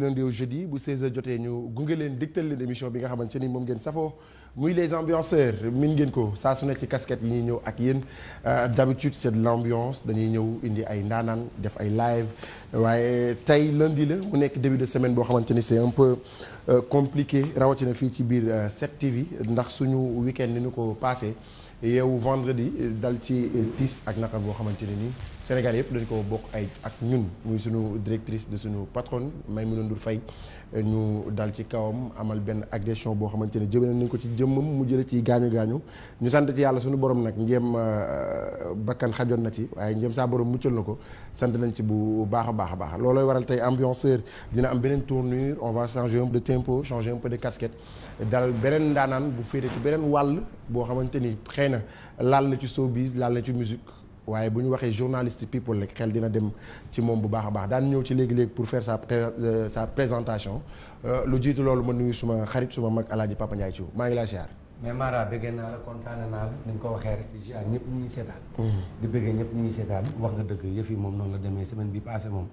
lundi au jeudi bu 16 jotee ñu gunge leen digtal leen émission bi nga xamante ni moom ngeen safoo muy les ambianceurs min ngeen ko saa su ne ci kasket yi ñuy ñëw ak yéen euh, d'habitude c'est de l'ambiance dañuy ñëw indi ay ndaanaan def ay live waaye tey lundi la mu nekk début de semaine boo xamante ni c'est un peu euh, compliqué rawatina fii ci biir 7TV euh, ndax suñu week-end ni ñu ko passé yow vendredi dal ci tiis ak naqar boo xamante ne nii Sénégal yëpp dañ ko bokk ay ak ñun muy suñu directrice de sunu patron Maimouna Ndour Faye euh, ñu dal ci kawam amal benn agression boo xamante ne jëmale nañ ko ci jëmmam mu jële ci gaañu gaañu ñu sant ci yàlla suñu borom nag njéem euh, bakkan xajoon na ci waaye njéem saa borom muccal na ko sant nañ ci bu baax a baax a baax loolooy waral tey ambianceur dina am beneen tournure on va changer de tempo changer un peu de casquette dal beneen ndaanaan bu féete ci beneen wàll boo xamante ni xëy na laal na ci showbiz laal ci musique waaye bu ñu waxee journaliste people rek xel dina dem ci moom bu baax a baax daan ñëw ci léegi léegi pour faire sa euh, sa présentation euh, lu jiitu loolu ma nuyu suma xarit suma mag alaaj Papa Ndiaye Thiou maa ngi laa mais Mara bëggee naa la ko waxee rek di siyaar ñëpp ñu ngi mm-hmm. di bëggee ñëpp ñu ngi wax nga dëgg yëf yi moom noonu la demee semaine bi passé moom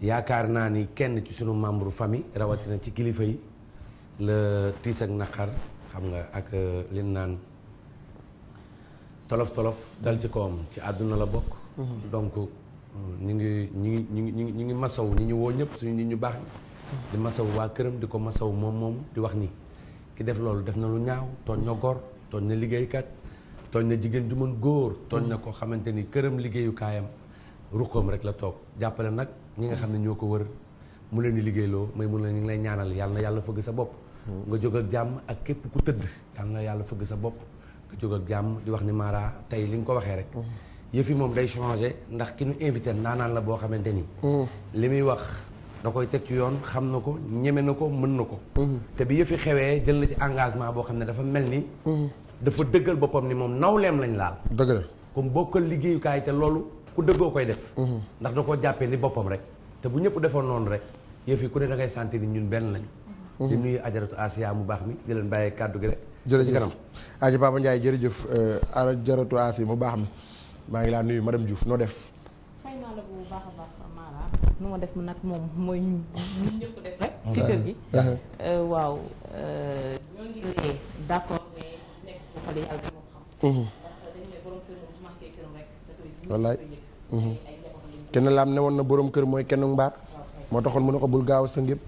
yaakaar naa ni kenn ci sunu membre famille rawatina ci kilifa yi la tiis ak naqar xam nga ak euh, leen naan tolof tolof dal ci kawam ci àdduna la bokk. Mhm. donc ñu ngi ñu ngi ñu ngi ñu ngi masawu ñi ñu woo ñëpp suñu nit ñu baax ñi. di masawu waa këram di ko masawu moom moom di wax ni ki def loolu def na lu ñaaw tooñ na gor tooñ na liggéeykat tooñ na jigéen du mën góor. tooñ na ko xamante ni këram liggéeyukaayam ruqam rek la toog jàppale nag ñi nga xam ne ñoo ko wër mu leen di liggéeyloo may mun la ñu ngi lay ñaanal yàlla yàlla fëgg sa bopp. Mhm. nga jóg ak jàmm ak képp ku tëdd yàlla na yàlla fëgg sa bopp. jóg ak jàmm di wax ni Mara tey li nga ko waxee rek. yëf yi moom day changé ndax ki ñu invité naanaan la boo xamante ni. li muy wax da koy teg ci yoon xam na ko ñeme na ko mën na ko. te bi yëf yi xewee jël na ci engagement boo xam ne dafa mel ni. dafa dëggal boppam ni moom nawleem lañ laal. dëgg la comme bokkal liggéeyukaay te loolu ku dëggoo koy def. ndax da koo jàppee ni boppam rek te bu ñëpp defoon noonu rek yëf yi ku ne da ngay sentir ñun benn lañu. di nuyu ajaratu Asia baax mi di leen bàyyee kàddu gi jërëjëf ci kanam aji Papa Ndiaye mu euh, baax mi maa ngi laa nuyu madame Diouf noo def. nu ma def nag moom mooy ñu ci kër gi. waaw euh, euh, mhm. ne wallaay mhm. kenn laam ne woon na boroom kër mooy kenn mbaar. moo taxoon mu ne ko bul gaaw a sëngéem.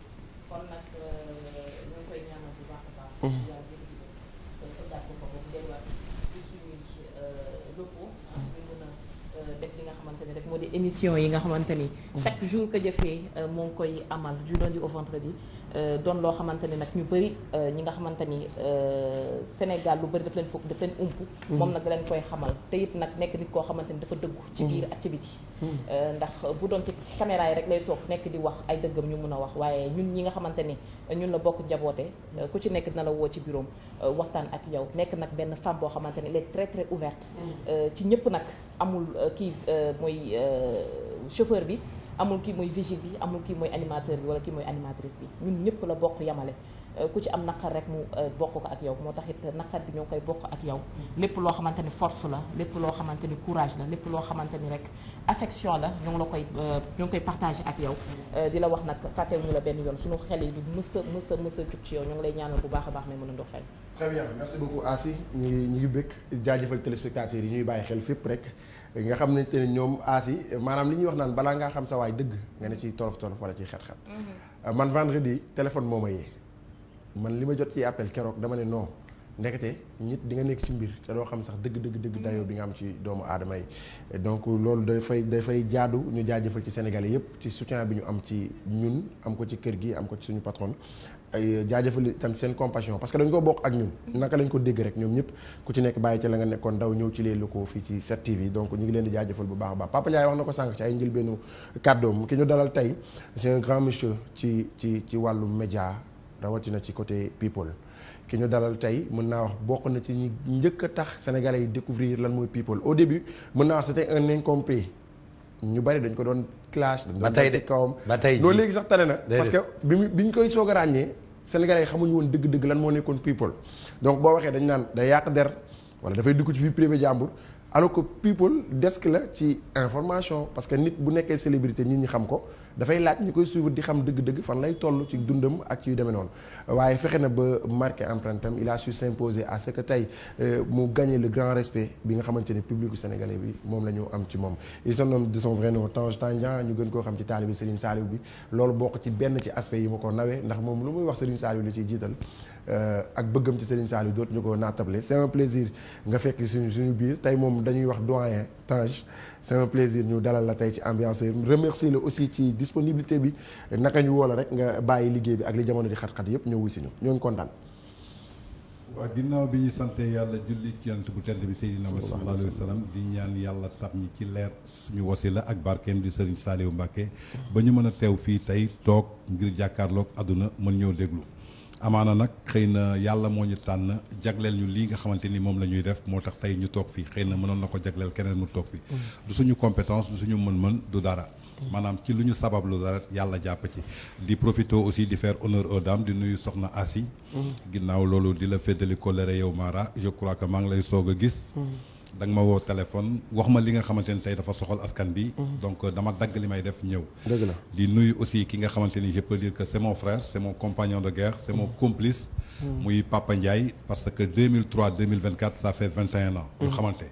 émission yi nga xamante ni chaque jour que jëfee euh, moo koy amal du lundi au vendredi Euh, doon loo xamante ni nag ñu bëri euh, ñi nga xamante ni euh, Sénégal lu bëri daf leen foog daf leen ump. Mm-hmm. moom nag leen koy xamal te it nag nekk nit koo xamante ni dafa dëggu. ci biir mm-hmm. ak ci biti. Mm-hmm. ndax bu doon ci caméra yi rek lay toog nekk di wax ay dëggam ñu mun a wax waaye ñun ñi nga xamante ni ñun la bokk njaboote ku ci nekk dina la woo ci bureau waxtaan ak yow nekk nag benn femme boo xamante ni elle est très ouverte. ci ñëpp nag amul kii mooy chauffeur bi. amul kii mooy vigile bi amul kii mooy animateur bi wala kii mooy animatrice bi ñun ñëpp la bokk yamale euh, ku ci am naqar rek mu euh, bokk ko ak yow moo tax it naqar bi ñoo koy bokk ak yow mm. lépp loo xamante ni force la lépp loo xamante ni courage la lépp loo xamante ni rek affection la ñoo la koy euh, ñoo ngi koy partagé ak yow di la wax nag ñu la benn yoon suñu xel yi du mës a mës a mës a ci yow ñoo ngi lay ñaanal bu baax a baax mais mën a ndox xel très bien merci beaucoup Asi ñu ngi bëgg jaajëfal téléspectateurs yi ñuy bàyyi xel fépp rek nga xam ne te ñoom aas yi maanaam li ñuy wax naan balaa ngaa xam sa waay dëgg nga ne ci torof torof wala ci xet-xet. Mhm. man vendredi téléphone moo ma yee man li ma jot ci appel keroog dama ne no ndekete nit di nga nekk ci mbir te doo xam sax dëgg dëgg dëgg mhm. dayoo bi nga am ci doomu aadama yi. donc loolu dafay dafay jaadu ñu jaajëfal ci Sénégalais yëpp ci soutien bi ñu am ci ñun am ko ci kër gi am ko ci suñu patron. ay jaajëfal tam seen compassion parce que dañ ko bokk ak ñun naka lañ ko dégg rek ñoom ñëpp ku ci nekk bàyyi ci la nga nekkoon daw ñëw ci les locaux fii ci 7TV donc ñu ngi leen di jaajëfal bu baax a baax Papa Ndiaye wax na ko sànq ci ay njëlbeenu kàddoom ki ñu dalal tey c'est un grand monsieur ci ci ci wàllu média rawatina ci côté people ki ñu dalal tey mën naa wax bokk na ci ñi njëkk a tax sénégalais yi découvrir lan mooy people au début mën naa wax c'était un ñu bari dañ ko doon clash. dañ doon ci kawam ba tey de loolu léegi sax tane na. parce que bi mu bi ñu koy soog a ràññee. Sénégalais yi xamuñu woon dëgg-dëgg lan moo nekkoon people donc boo waxee dañ naan day yàq der wala dafay duggu ci vie privée jàmbur alors que people desk la ci information parce que nit bu nekkee célébrité nit ñi xam ko dafay laaj ñu koy suivre di xam dëgg-dëgg fan lay toll ci dundam ak ci yu demee noonu waaye fexe na ba marqué empreinte am il a su s'imposer à ce que tey euh, mu gagné le grand respect bi nga xamante ne public sénégalais bi moom la ñu am ci moom il se nomme de son vrai nom ñu gën koo xam ci taalibi Serigne Saliou bi loolu boo bokk ci benn ci aspect yi ma ko nawee ndax moom lu muy wax Serigne Saliou li ciy jiital Euh, ak bëggam ci Serigne Saliou dootuñu ko naatable c'est un plaisir nga fekk suñu suñu biir tey moom dañuy wax doyen Tange c'est un plaisir ñu dalal la tey ci ambiance remercier la aussi ci disponibilité bi naka ñu woo rek nga bàyyi liggéey bi ak li jamono di xat-xat yëpp ñëw si ñu ñoo ngi kontaan. waaw ginnaaw bi ñu sante yàlla julli ci yonent bu tedd bi Seydina Muhammad sallallahu alayhi wa di ñaan yàlla tab ñi ci leer suñu la ak barkeem di saali Saliou Mbacké ba ñu mën a teew fii tey toog ngir jàkkaarloog àdduna mën ñëw déglu amaana nag xëy na yàlla moo ñu tànn jagleel ñu lii nga xamante ni moom la ñuy def moo tax tey ñu toog fii xëy na mënoon na ko jagleel keneen mu toog fi mm. du suñu compétence du suñu mën-mën du dara maanaam ci lu ñu sabab lu dara yàlla jàpp ci di profité aussi di faire honneur aux dames di nuyu soxna Asi mm. ginnaaw loolu di la féddali colère yow Mara je crois que maa ngi lay soog a gis mm. da ma woo téléphone wax ma li nga xamante ni tey dafa soxal askan bi. donc euh, dama dagg li may def ñëw. dëgg la di nuyu aussi ki nga xamante ni je peux dire que c' est mon frère c' est mon compagnon de guerre c' est mon complice. muy Papa Ndiaye parce que 2003 2024 ça fait 21 ans. ñu mm. xamante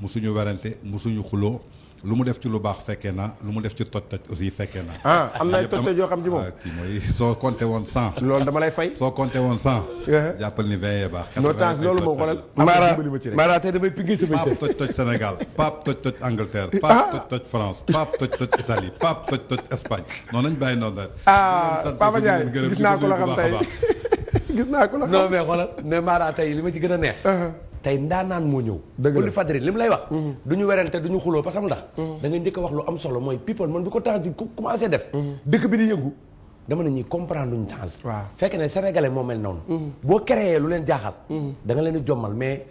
musuñu werante musuñu xuloo. lu mu def ci lu baax fekkee na lu mu def ci toj toj aussi fekke na ah am na toj toj yoo xam ci moom ah, soo compté woon cent loolu dama lay fay soo compté woon cent uh-huh. jàppal ni vingt yee baax non temps loolu moo xoolal Mara tey damay pingi sama pape toj toj Sénégal pape toj toj Angleterre ah. pape toj toj France pape toj toj Italie pape toj toj Espagne noonu nañ bàyyi noonu rek ah Papa Ndiaye gis naa ko la xam tey gis naa ko la xam non mais xoolal mais Mara tey li ma ci gën a neex uh-huh. tey ndaanaan moo ñëw Oly Fadri li mu lay wax mhm. du ñu werante du ñu xuloo parce que ndax mhm. da nga njëkk a wax lu am solo mooy people man bi ko temps di commencé def mhm. dëkk bi di yëngu dama ne ñuy comprendre ñu temps waaw fekk ne sénégalais moo mel noonu boo créé lu leen jaaxal da nga leen di jommal mais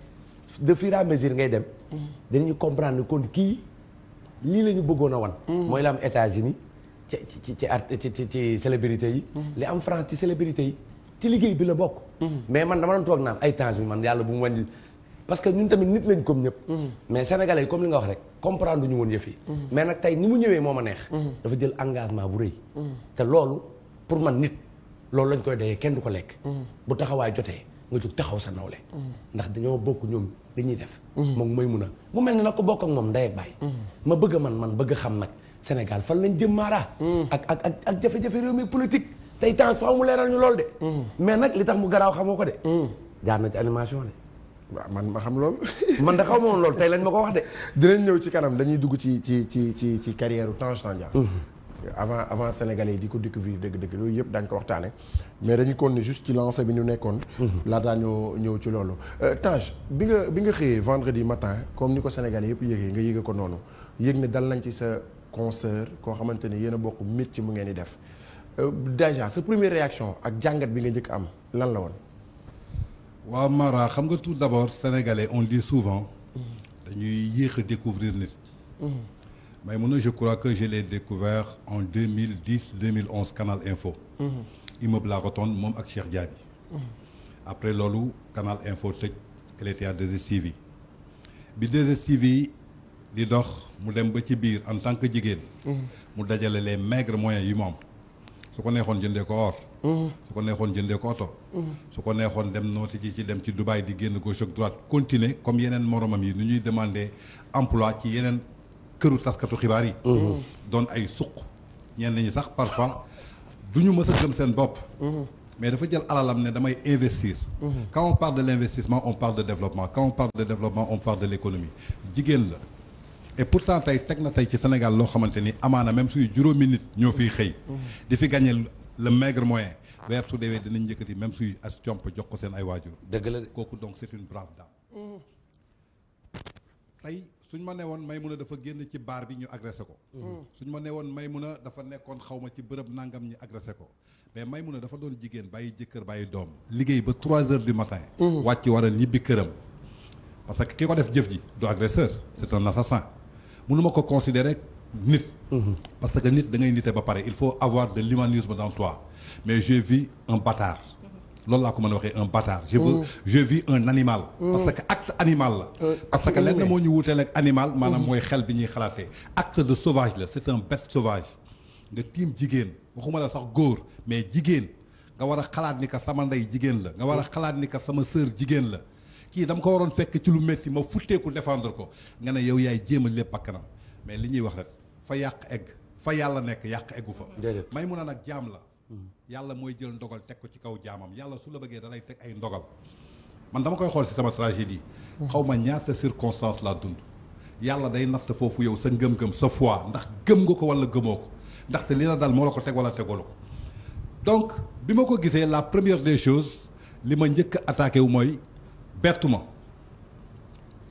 de fur mesure ngay dem dinañu comprendre ne kon kii lii la ñu bëggoon a wan mooy la am États-Unis ci ci ci art ci ci ci célébrité yi li am France ci célébrité yi ci liggéey bi la bokk mais man dama doon man yàlla bu mu parce que ñun tamit nit lañ comme ñëpp. Mm-hmm. mais sénégalais yi comme li nga wax rek comprendre ñu woon yëf yi. Mm-hmm. mais nag tey ni mu ñëwee moo ma neex. Mm-hmm. dafa jël engagement bu rëy. te loolu pour man nit loolu lañ koy dayee kenn du ko lekk. bu taxawaay jotee nga jóg taxaw sa noow nawle. ndax dañoo bokk ñoom li ñuy def. moom mooy mun a mu mel ne nag ko bokk ak moom ndey ak baay. ma bëgg man man bëgg xam nag Sénégal fan lañ jëm maara ak ak ak ak jafe-jafe réew mi politique. tey temps faaw leeral ñu lool de. mais nag li tax mu garaaw xamoo ko de. jaar na ci animation de. waaw man ma xam lool man da xaw ma woon tey lañ ma ko wax de. dinañ ñëw ci kanam dañuy dugg ci ci ci ci ci carrière Tange Tandian. Mhm. avant avant Sénégalais yi di ko découvrir dëgg-dëgg loolu yëpp daañu ko waxtaane mais dañu kon ne juste ci lancé bi ñu nekkoon. Mhm. laataa ñoo ñëw ci loolu. Euh, Tange bi nga bi nga xëyee vendredi matin comme ni ko sénégale yëpp yëgee nga yëge ko noonu yëg ne dal nañ ci sa concert koo xamante ne yéen a bokk métier mu ngeen di def euh, déjà sa première réaction ak jàngat bi nga njëkk am lan la woon. waaw Mara xam nga tout d'abord sénégalais on le souvent. Mm-hmm. dañuy yéex a découvrir nit. Mm-hmm. mais mun na je crois que je l'ai découvert en 2010 2011 Canal Info. Mm-hmm. immeuble La Rotonde moom ak Cheikh Diaby. après loolu Canal Info tëj elle était à 2STV bi 2 di dox mu dem ba ci biir en tant que jigéen. mu dajale les maigres moyens yi moom. su ko neexoon jëndee ko or. Mm-hmm. su ko neexoon jëndee ko oto. Mm-hmm. su ko neexoon dem noo ji ci dem ci Dubaï di génn gauche ak droite continuer comme yeneen moroomam yi nu ñuy demandee emploi ci yeneen këru taskatu xibaar yi. Mm-hmm. doon ay suq ñeen ñi sax parfois du ñu mës a gëm seen bopp. mais dafa jël alalam ne damay investir. quand on parle de l'investissement on parle de développement quand on parle de développement on parle de l'économie jigéen la. et pourtant tey teg na tey ci Sénégal loo xamante ni amaana même suy juróomi nit ñoo fiy xëy. di fi gagné le maigre moyen weer su deewee dinañ njëkkati même suy as comp jox ko seen ay waajur. dëgg la kooku est une brave dame. tey suñ ma ne woon Maymuna dafa génn ci baar bi ñu agressé ko. suñ ma neewoon may woon a dafa nekkoon xaw ma ci bërëb nangam ñi agressé ko mais may Maymuna dafa doon jigéen bàyyi jëkkër bàyyi doom. liggéey ba trois heures du matin. Mm-hmm. wàcc war ñibbi këram. parce que ki ko def jëf ji du agresseur c' est un mënuma ko considérer nit mhm. parce que nit da ngay ba pare il faut avoir de l'humanisme dans toi mais je vis un bâtard loolu laa ko mën a waxee un bâtard je veux mhm. je vis un animal mhm. parce que acte animal la euh, parce que lenn moo ñu wuteel ak animal maanaam mooy xel bi ñuy xalaatee acte de sauvage la c'est un bête sauvage nga tiim jigéen waxuma la sax góor mais jigéen nga war a xalaat ni que sama ndey jigéen la nga war a xalaat ni que sama sœur jigéen la kii dama ko waroon fekk ci lu métti ma futteeku défendre ko nga ne yow yaay jéema a lépp ak kanam mais li ñuy wax rek fa yàq egg fa yàlla nekk yàq eggu fa may mun a nag jaam la hmm. yàlla mooy jël ndogal teg ko ci kaw jaamam yàlla su la bëggee dalay teg ay ndogal man dama koy xool si sama tragédie hmm. xaw ma ñaata circonstance laa dund yàlla day natt foofu yow sa ngëm-ngëm sa fois ndax gëm nga ko wala gëmoo ko ndaxte li la dal moo la ko teg wala tegalu ko donc bi ma ko gisee la première des choses li ma njëkk attaqué wu mooy bettu ma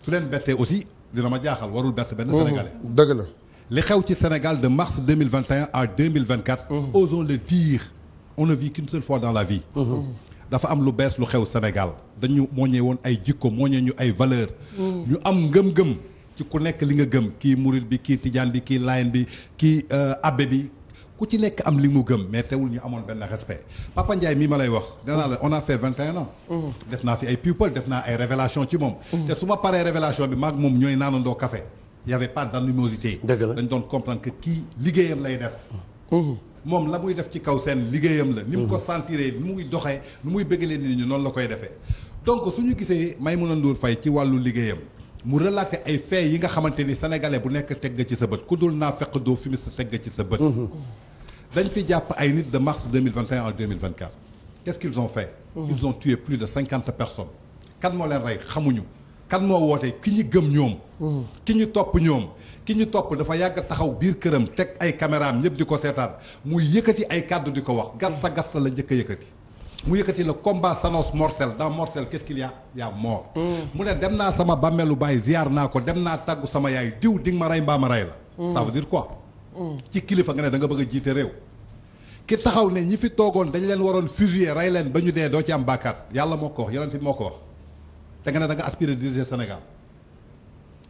su leen bettee aussi dina ma jaaxal warul bert benn mhm. sénégalais. dëgg la li xew ci Sénégal de mars deux mille vingt et un à deux mille vingt quatre. Mhm. osons le dire on ne vit qu'une seule fois dans la vie. Mhm. dafa am lu bees lu xew Sénégal dañu mooñee woon ay jikko mooñee ñu ay valeur ñu am ngëm-ngëm ci ku nekk li nga gëm kii murit bi kii tijaan bi kii layen bi kii euh, abbé bi ku ci nekk am li mu gëm mais wul ñu amoon benn respect Papa Ndiaye mii ma lay wax. danaa la on a fait vingt ans. Mm. def naa fi ay people def naa ay révélation ci moom. Mm. te su ma paree révélation bi mag moom ñooy naanandoo café y avait pas d'animosité. dañu doon comprendre que kii liggéeyam lay def. Mm. moom la muy def ci kaw seen liggéeyam la. ni mu ko sentiree ni muy doxee nu muy bëggalee nit ñi noonu la koy defee. donc su ñu gisee may a Ndour fay ci wàllu liggéeyam. mu relaté ay faits yi nga xamante ni sénégalais bu nekk teg nga ci sa bët ku dul naa fekk doo fumiste teg nga ci sa bët. Mm-hmm. dañ fi jàpp ay nit de mars 2021 à 2024 qu'est-ce on ont fait mmh. ils ont tué plus de cinquante personnes kan moo leen rey xamuñu kan moo wootee ki ñu gëm ñoom mmh. ki ñu topp ñoom ki ñu topp dafa yàgg taxaw biir këram teg ay caméraam ñëpp di ko seetaan muy yëkkati ay kàddu di ko wax gasta gasta la njëkk a yëkkati mu yëkkati le combat s'annonce mortel dans mortel qu'est-ce qu'il y a mmh. mu ne dem naa sama bàmmeelu baay ziar naa ko dem naa tàggu sama yaay diw di nga ma rey mbaa ma la ça veut ci kilifa nga ne da nga bëgg a jiite réew. ki taxaw ne ñi fi toogoon dañu leen waroon fusiller rey leen ba ñu dee doo ci am bàkkaar yàlla moo ko wax yonent fi moo ko wax te nga ne da nga aspiré diriger Sénégal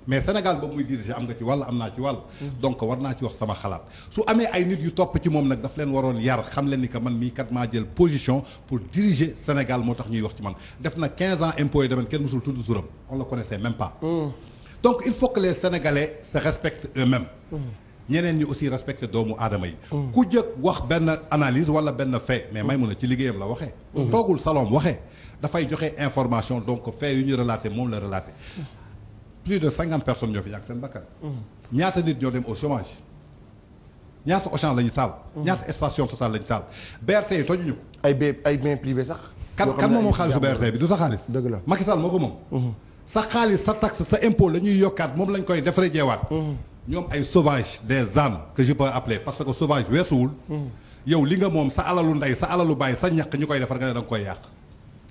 mais Sénégal boobu muy diriger am nga ci wàll am naa ci wàll. donc war naa ci wax sama xalaat su amee ay nit yu topp ci moom nag daf leen waroon yar xam leen ni que man mii kat maa jël position pour diriger Sénégal moo tax ñuy wax ci man def na 15 ans impôt yi demee kenn musul tudd turam on le connaissait même pas. Mm. donc il que les Sénégalais se ñeneen ñi aussi respecté doomu aadama yi. Mm. ku jëkk wax benn analise wala benn fait mais mm. may mun a ci liggéeyam la waxee. Mm-hmm. toogul salon waxee dafay joxe information donc fait yu ñu relaté moom la relaté. Mm. plus de cinquante personnes ñoo fi ñàkk seen bakkan. ñaata nit ñoo dem au chômage. ñaata Auchan la ñu taal. ñaata station Total la ñu taal. BRT yi tojuñu ko. ay ba ay biens privés sax. kan kan moom xaalisu BRT bi du sa xaalis. dëgg la Macky Sall moo ko moom. Mm-hmm. sa xaalis sa taxe sa impôt la ñuy yokkaat moom lañ koy defaree jeewaat. Mm-hmm. ñoom ay sauvage des âmes que je peux appeler parce que sauvage weesuwul. yow li nga moom sa alalu ndey sa alalu bàyyi sa ñàkk ñu koy defar nga ne da koy yàq.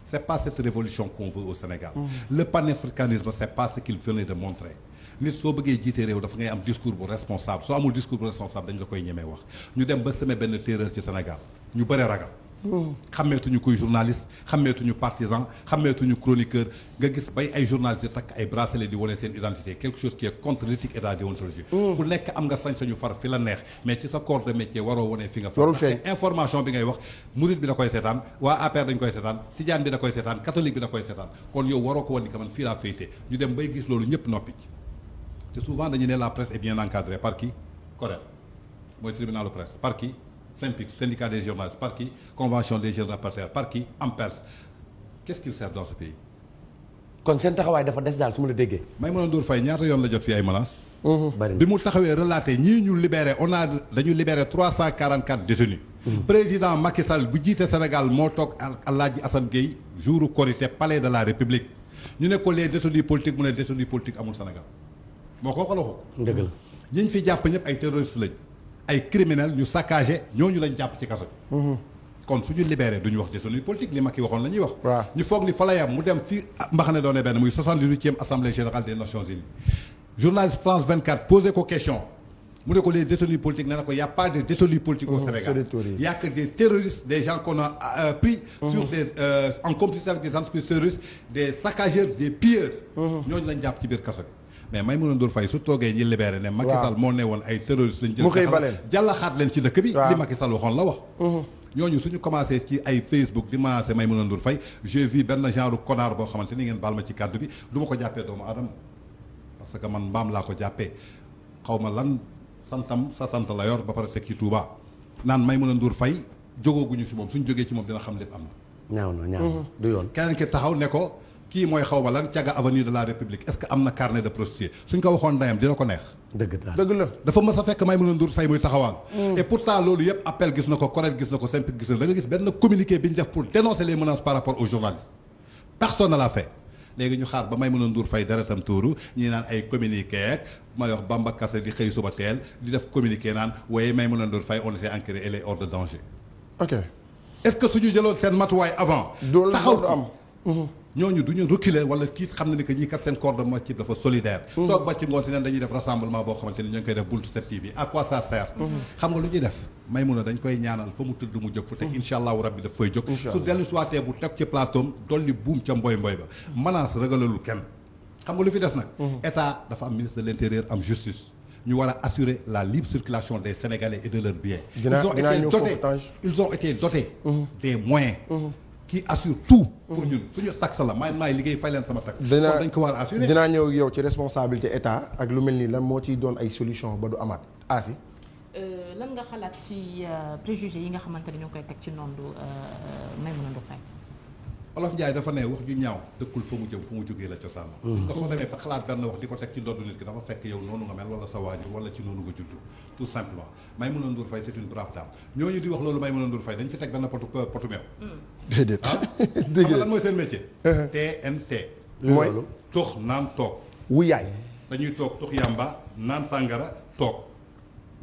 c' est pas cette révolution qu'on veut au Sénégal. Mm. le panafricanisme c' est ce qu'il venait de montrer. nit soo bëggee jiite réew dafa ngay am discours bu responsable soo amul discours bu responsable dañ la koy ñemee wax ñu dem ba semé benn terreur ci Sénégal ñu bëre ragal. xameetuñu kuy journaliste xameetuñu partisan xameetuñu chroniqueur nga gis bay ay journaliste takk ay bracelet di wane seen identité quelque chose qui est contre l'éthique et la déontologie mm. ku nekk am nga sañ-sañu far fi la neex mais ci sa corps de métier waroo wane fi nga far information bi ngay wax murid bi da koy seetaan waa APR dañ koy seetaan tijaan bi da koy seetaan catholique bi da koy seetaan kon yow waroo ko wan ni man fii laa féete ñu dem bay gis loolu ñëpp noppi te souvent dañu ne la presse est bien encadrée par qui CORED mooy par qui SYNPICS syndicat des journalistes par qui convention des jeunes rapporteurs par qui AMPERS qu'est-ce qu'il sert dans ce pays. kon seen taxawaay dafa des daal su ma la déggee. Maïmouna Ndour Faye ñaata yoon la jot fi ay menaces. Mhm. bi mu taxawee relaté ñii ñu libéré on a dañu libéré trois cent quarante quatre détenus. Mhm. président Macky Sall bu jiite Sénégal moo toog Alaaji Assane Gueye jouru Korité palais de la République ñu ne ko les détenus politiques mu ne détenus politiques amul Sénégal moo ko waxaloo ko. fi jàpp ñëpp ay ay criminel ñu saccagé ñooñu lañ jàpp ci kaso bi kon suñu libéré duñu wax ci suñuy politique li Macky waxoon la ñuy wax ñu foog ni fa la yam mu dem ci mbaxane doone benn muy soixante-dix-huitième assemblée générale des nations unies journaliste France 24 posé ko question mu ne ko les détenus politiques nee na ko y' a pas de détenus politiques au mhm, que des terroristes des gens qu'on a euh, pris mmh. sur mhm. des euh, en complicité avec des entreprises terroristes des saccageurs des pilleurs mhm. ñooñu lañ jàpp ci biir kaso bi mais Maïmouna Ndour Faye su toogee ñi libéré ne Macky Sall moo ne woon ay terroriste lañ jël jàllaxaat leen ci dëkk bi li Macky Sall waxoon la wax mhm. ñooñu suñu commencé ci ay Facebook di menacé Maïmouna Ndour Faye j'ai vu benn genre connard boo xamante ni ngeen baal ma ci kàddu bi du ma ko jàppee doomu aadama parce que man mbaam laa ko jàppee xaw ma lan santam sa sant la yor ba pare teg ci Touba naan Maïmouna Ndour Faye jógooguñu si moom suñ jógee ci moom dina xam lépp am na ñaaw na ñaaw na mhm. du yoon keneen ki taxaw ne ko kii mooy xaw ma lan Thiaga avenue de la République est-ce que am na carnet de prostituée suñ ko waxoon ndeyam dina ko neex. dëgg la dafa mës a fekk Maïmouna Ndour Faye muy na ko CORED gis na ko SYNPICS gis bi ñu def pour dénoncer les menaces par rapport aux journalistes. personne ne l'a léegi ñu xaar ba Maïmouna Ndour Faye deretam tuuru ñi naan ay communiqué may wax Bamba Kassé di xëy suba teel di def communiqué naan waaye Maïmouna Ndour Faye on était enquêté elle est hors de danger. ok est-ce que suñu jëloon seen matuwaay ñooñu du ñu reculer wala kii xam na ni que ñii kat seen corps de métier dafa solidaire. Mm. toog ba ci ngoon si neen dañuy def rassemblement boo xamante ni ñoo ngi koy def buntu 7TV à quoi ça mm-hmm. xam nga lu ñuy def may mun a dañ koy ñaanal fa mu tëdd mu jóg fu teg mm-hmm. incha allahu rabbi daf fay jóg. su dellu soitee bu teg ci plateau dolli buum ca mboy mboy ba. Mm-hmm. menace ragalalul kenn xam nga lu fi des nag. état dafa am ministre de am justice. ñu kii assure tout. pour ñun suñu taxe la may may liggéey fay leen sama taxe. dinaa dañ ko war a assurer dinaa ñëw yow ci responsabilité état ak lu mel nii lan moo ciy doon ay solution ba du amaat asi euh, lan nga xalaat ci euh, préjugé yi nga xamante ne ñoo koy teg ci noonu euh, a Ndour Faye Olof Njaay dafa ne wax ju ñaaw dëkkul fa mu jëm fu mu jógee la cosaan mm-hmm. parce que soo demee xalaat benn wax di ko teg ci ndoddu nit ki dafa fekk yow noonu nga mel wala sa waajur wala ci noonu nga juddu tout simplement Maïmouna Ndour Faye c'est une brave dame ñooñu di wax loolu Maïmouna naan toog wu yaay dañuy toog tux yàmba naan sàngara toog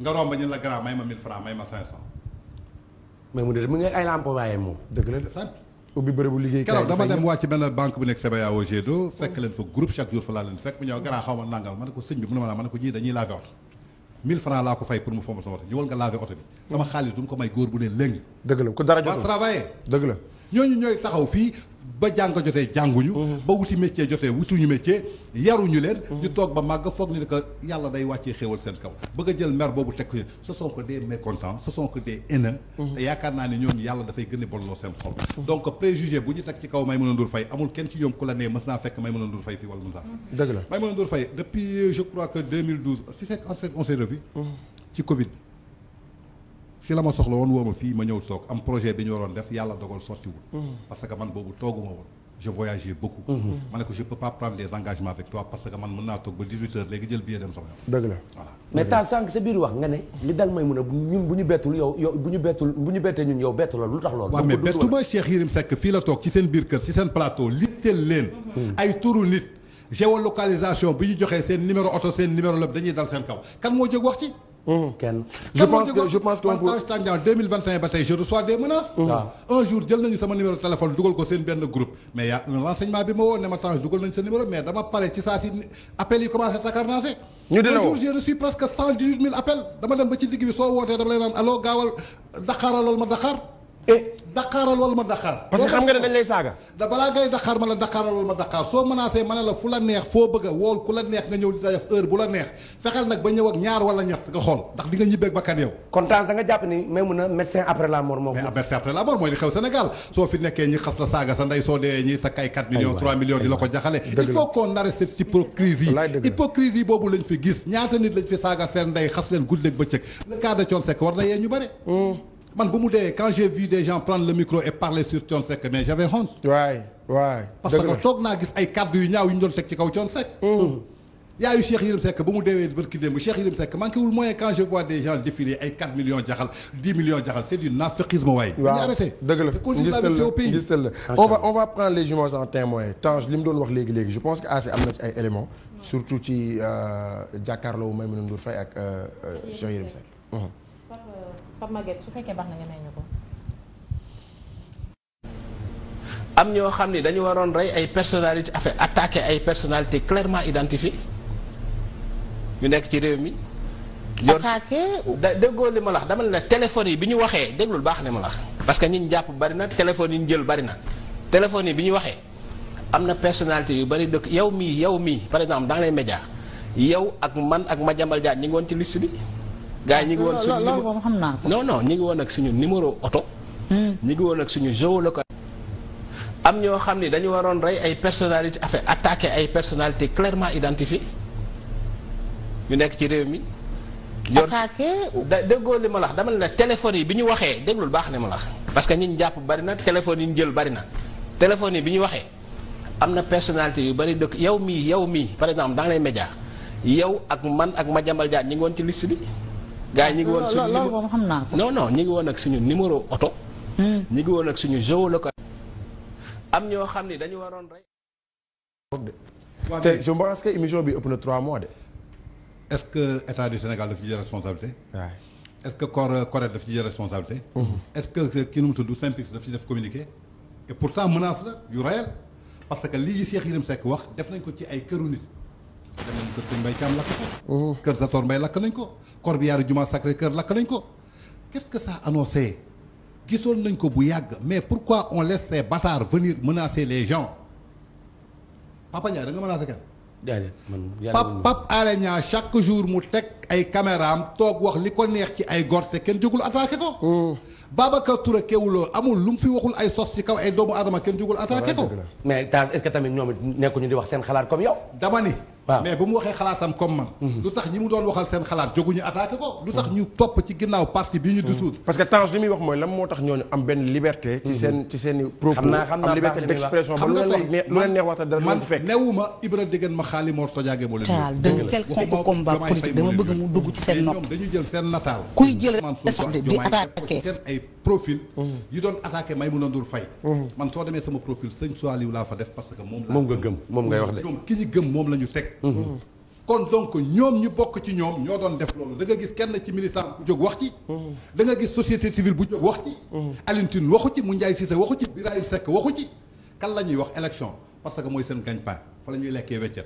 nga romb ñu la grand may ma 1000 francs may ma 500. mais mu ne mu ngi ay lampo waaye moom dëgg la ubbi bërëbu liggéey keroog dama dem wàcc benn banque bu nekk CBAO Gédo fekk leen fa groupe chaque jour fa laa leen fekk mu ñëw garaa xaw ma nangal ma ne ko sëñ bi mu ne ma naa ma ne ko ñii dañuy laver oto 1000 francs laa ko fay pour mu fomm sama oto ñëwal nga laver oto bi sama xaalis du mu ko may góor bu ne léegi dëgg la ku dara jotul travailler dëgg la ñooñu ñooy taxaw fii ba jàng jotee jànguñu. Mhm. ba wuti métier jotee wutuñu métier yaruñu leen. Mhm. ñu toog ba màgg foog ni que yàlla day wàccee xéewal seen kaw. bëgg a jël mer boobu teg ko ce sont que des mécontents ce sont que des haineux. Mhm. te yaakaar naa ne ñoom yàlla dafay gën a bonloo seen xol. donc préjugé bu ñu teg ci kaw Maïmouna Ndour Faye amul kenn ci ñoom ku la nee mës naa fekk Maïmouna Ndour Faye fii wala mën naa. dëgg depuis euh, je crois que 2012 si fekk on ci Covid. ci la ma soxla woon woo fii ma ñëw toog am projet bi ñu waroon def yàlla dogal sottiwul. Mm-hmm. parce que man boobu tooguma woon. je voyageais beaucoup. Mm-hmm. ma ne ko je peux pas des engagements avec toi parce que man mën naa toog ba 18h léegi jël billet dem sama yoon. la voilà. mais taal sànq sa biir wax nga ne. li dal may mun a ñun bu ñu bettul yow yow bu ñu bettul bu ñu bettee ñun yow bettu la lu tax loolu. waaw mais bettu ma Cheikh Yérim fii la toog ci seen biir kër ci seen plateau litteel leen. Mm-hmm. ay turu nit. géolocalisation bi ñu joxee seen numéro oto seen numéro lépp dañuy dal seen kan moo jóg wax ci. kenn je pense que je pense que on peut Tange Tandian 2021 ba tey je reçois des menaces. Mm. Ah. un jour jël nañu sama numéro téléphone dugal ko seen benn groupe mais y' a un renseignement bi ma woo ne ma Tange dugal nañu sa numéro mais dama pare ci saa si appels yi commencé takarnaase. ñu dina woo un jour j'ai presque cent dix huit mille appels dama dem ba ci digg bi soo wootee dama lay naan allo gaawal Dakar ma Dakar. et eh. daqaaral wala ma daqaar. parce que xam nga ne dañ lay saaga. soo menacé ma ne la fu la neex foo bëgg a wool ku la neex nga ñëw di def heure bu la neex fexeel nag ba ñëw ak ñaar wala ñett nga xool ndax di nga bakkan yow. kon temps da jàpp ni may mun a médecin après la mort moo mais après la mort mooy li xew Sénégal soo fi nekkee ñi xas la saaga sa ndey soo dee ñi sa kay 4 millions 3 millions di la ko jaxale. il faut qu'on arrête cette hypocrisie hypocrisie boobu lañ fi gis ñaata nit lañ fi saaga man bu mu dee quand j'ai vu des gens prendre le micro et parler sur Thione Seck mais j'avais honte. waay waay parce que toog naa gis ay kàddu yu ñaaw yu ñu doon teg ci kaw Thione Seck. Mmh. yaayu Cheikh Yérim Seck ba mu deewee barki démb Cheikh Yérim Seck manqué wul moyen quand je vois des gens défiler ay 4 millions jaxal 10 millions jaxal c'est du naaféqisme waay. waaw arrêté dëgg la gisal la on va on va prendre les en témoin Tange wax léegi léegi je pense que assez am na ci ay éléments surtout ci euh, jàkkaarloo Maimouna Ndour Faye euh, euh, Pape Maguette su fekkee baax na nga am ñoo xam ni dañu waroon rey ay personnalité affaire attaqué ay personnalité clairement identifiée ñu nekk ci réew mi. yor da déggoo li ma lax wax dama ne téléphone yi bi ñu waxee déglul baax ne ma la wax. parce que ñi ñu jàpp bari na téléphone yi ñu jël bari na téléphone yi bi ñu waxee am na personnalité yu bari dëkk yow mii yow mii par exemple dans les médias yow ak man ak Madiambal Diagne ñi ngi woon ci liste bi. gars yi ñu ngi woon suñu loolu moom xam naa ko non non ñu ngi woon ak suñu numéro oto. Hmm. ñu suñu géolocal. am ñoo xam ne dañu waroon rey ay personnalité affaire attaqué ay personnalité clairement identifiée ñu nekk ci réew mi. attaqué da déggoo li ma lax wax dama ne téléphone yi bi ñu waxee déglul baax ne ma la wax. que ñi ñu jàpp bari na téléphone yi ñu jël bari na téléphone yi bi ñu waxee am na personnalité yu bari dëkk yow mii yow mii par exemple dans les médias yow ak man ak ma Madiambal Diagne ñi ngi woon ci liste bi. gars yi ñu ngi woon suñu loolu moom xam naa ko non non ñu ngi woon ak suñu oto. Hmm. ñu ngi woon ak suñu géolocal. am ñoo xam ne dañu waroon rey. te je pense que émission bi ëpp na 3 mois de. est-ce que état du Sénégal daf ci jël responsabilité. waaw est-ce que corps euh, correct daf ci jël mm-hmm. que ki nu mu tudd Simpix daf ci def communiqué. et pourtant menace la yu réel parce que lii yi Cheikh Yérim Seck wax def nañ ko ci ay këru nit. dem nañ kër Sëñ Mbaye Thiam ko. Mm-hmm. kër Zator Mbaye lakk nañ ko. corbillard jumaa sacré cœur lakk nañ ko qu'est-ce que ça annonçait gisoon nañ ko bu yàgg mais pourquoi on laisse ces bâtards venir menacer les gens Papa Ndiaye da nga menacer kenn. jaajëf man Pape Pape Alé Niang chaque jour mu teg ay caméraam toog wax li ko neex ci ay góor te kenn jógul attaqué ko. Hmm. Babacar Touré Kewulo amul lu mu fi waxul ay sos ci kaw ay doomu aadama kenn jógul attaqué ko. mais est-ce que tamit ñoom nekkuñu di wax seen xalaat comme yow. waaw mais bu mu waxee xalaatam comme man. Mhm. lu tax ñi mu doon waxal seen xalaat jóguñu attaqué ko. lu tax ñu topp ci ginnaaw parti bi ñu mhm. dissoudre. parce que Tange li muy wax moo tax ñooñu am benn liberté. ci mhm. seen ci seen i propos am liberté d'expression ba lu leen neex waxtaan dara man fekk newuma Ibra Degen ma xaali Mor Sodiague moo leen. taal laa fa def parce que moom laa nga gëm moom ngay wax de ki ñu gëm moom la teg kon donc ñoom ñu bokk ci ñoom ñoo doon def loolu da gis kenn ci militant bu jóg wax ci. da nga gis société civile bu jóg wax ci. Alioune waxu ci mu Moundiaye Cissé waxu ci Birahim sekk waxu ci. kan la ñuy wax élection parce que mooy seen gagne-pain fa la ñuy lekkee weccet.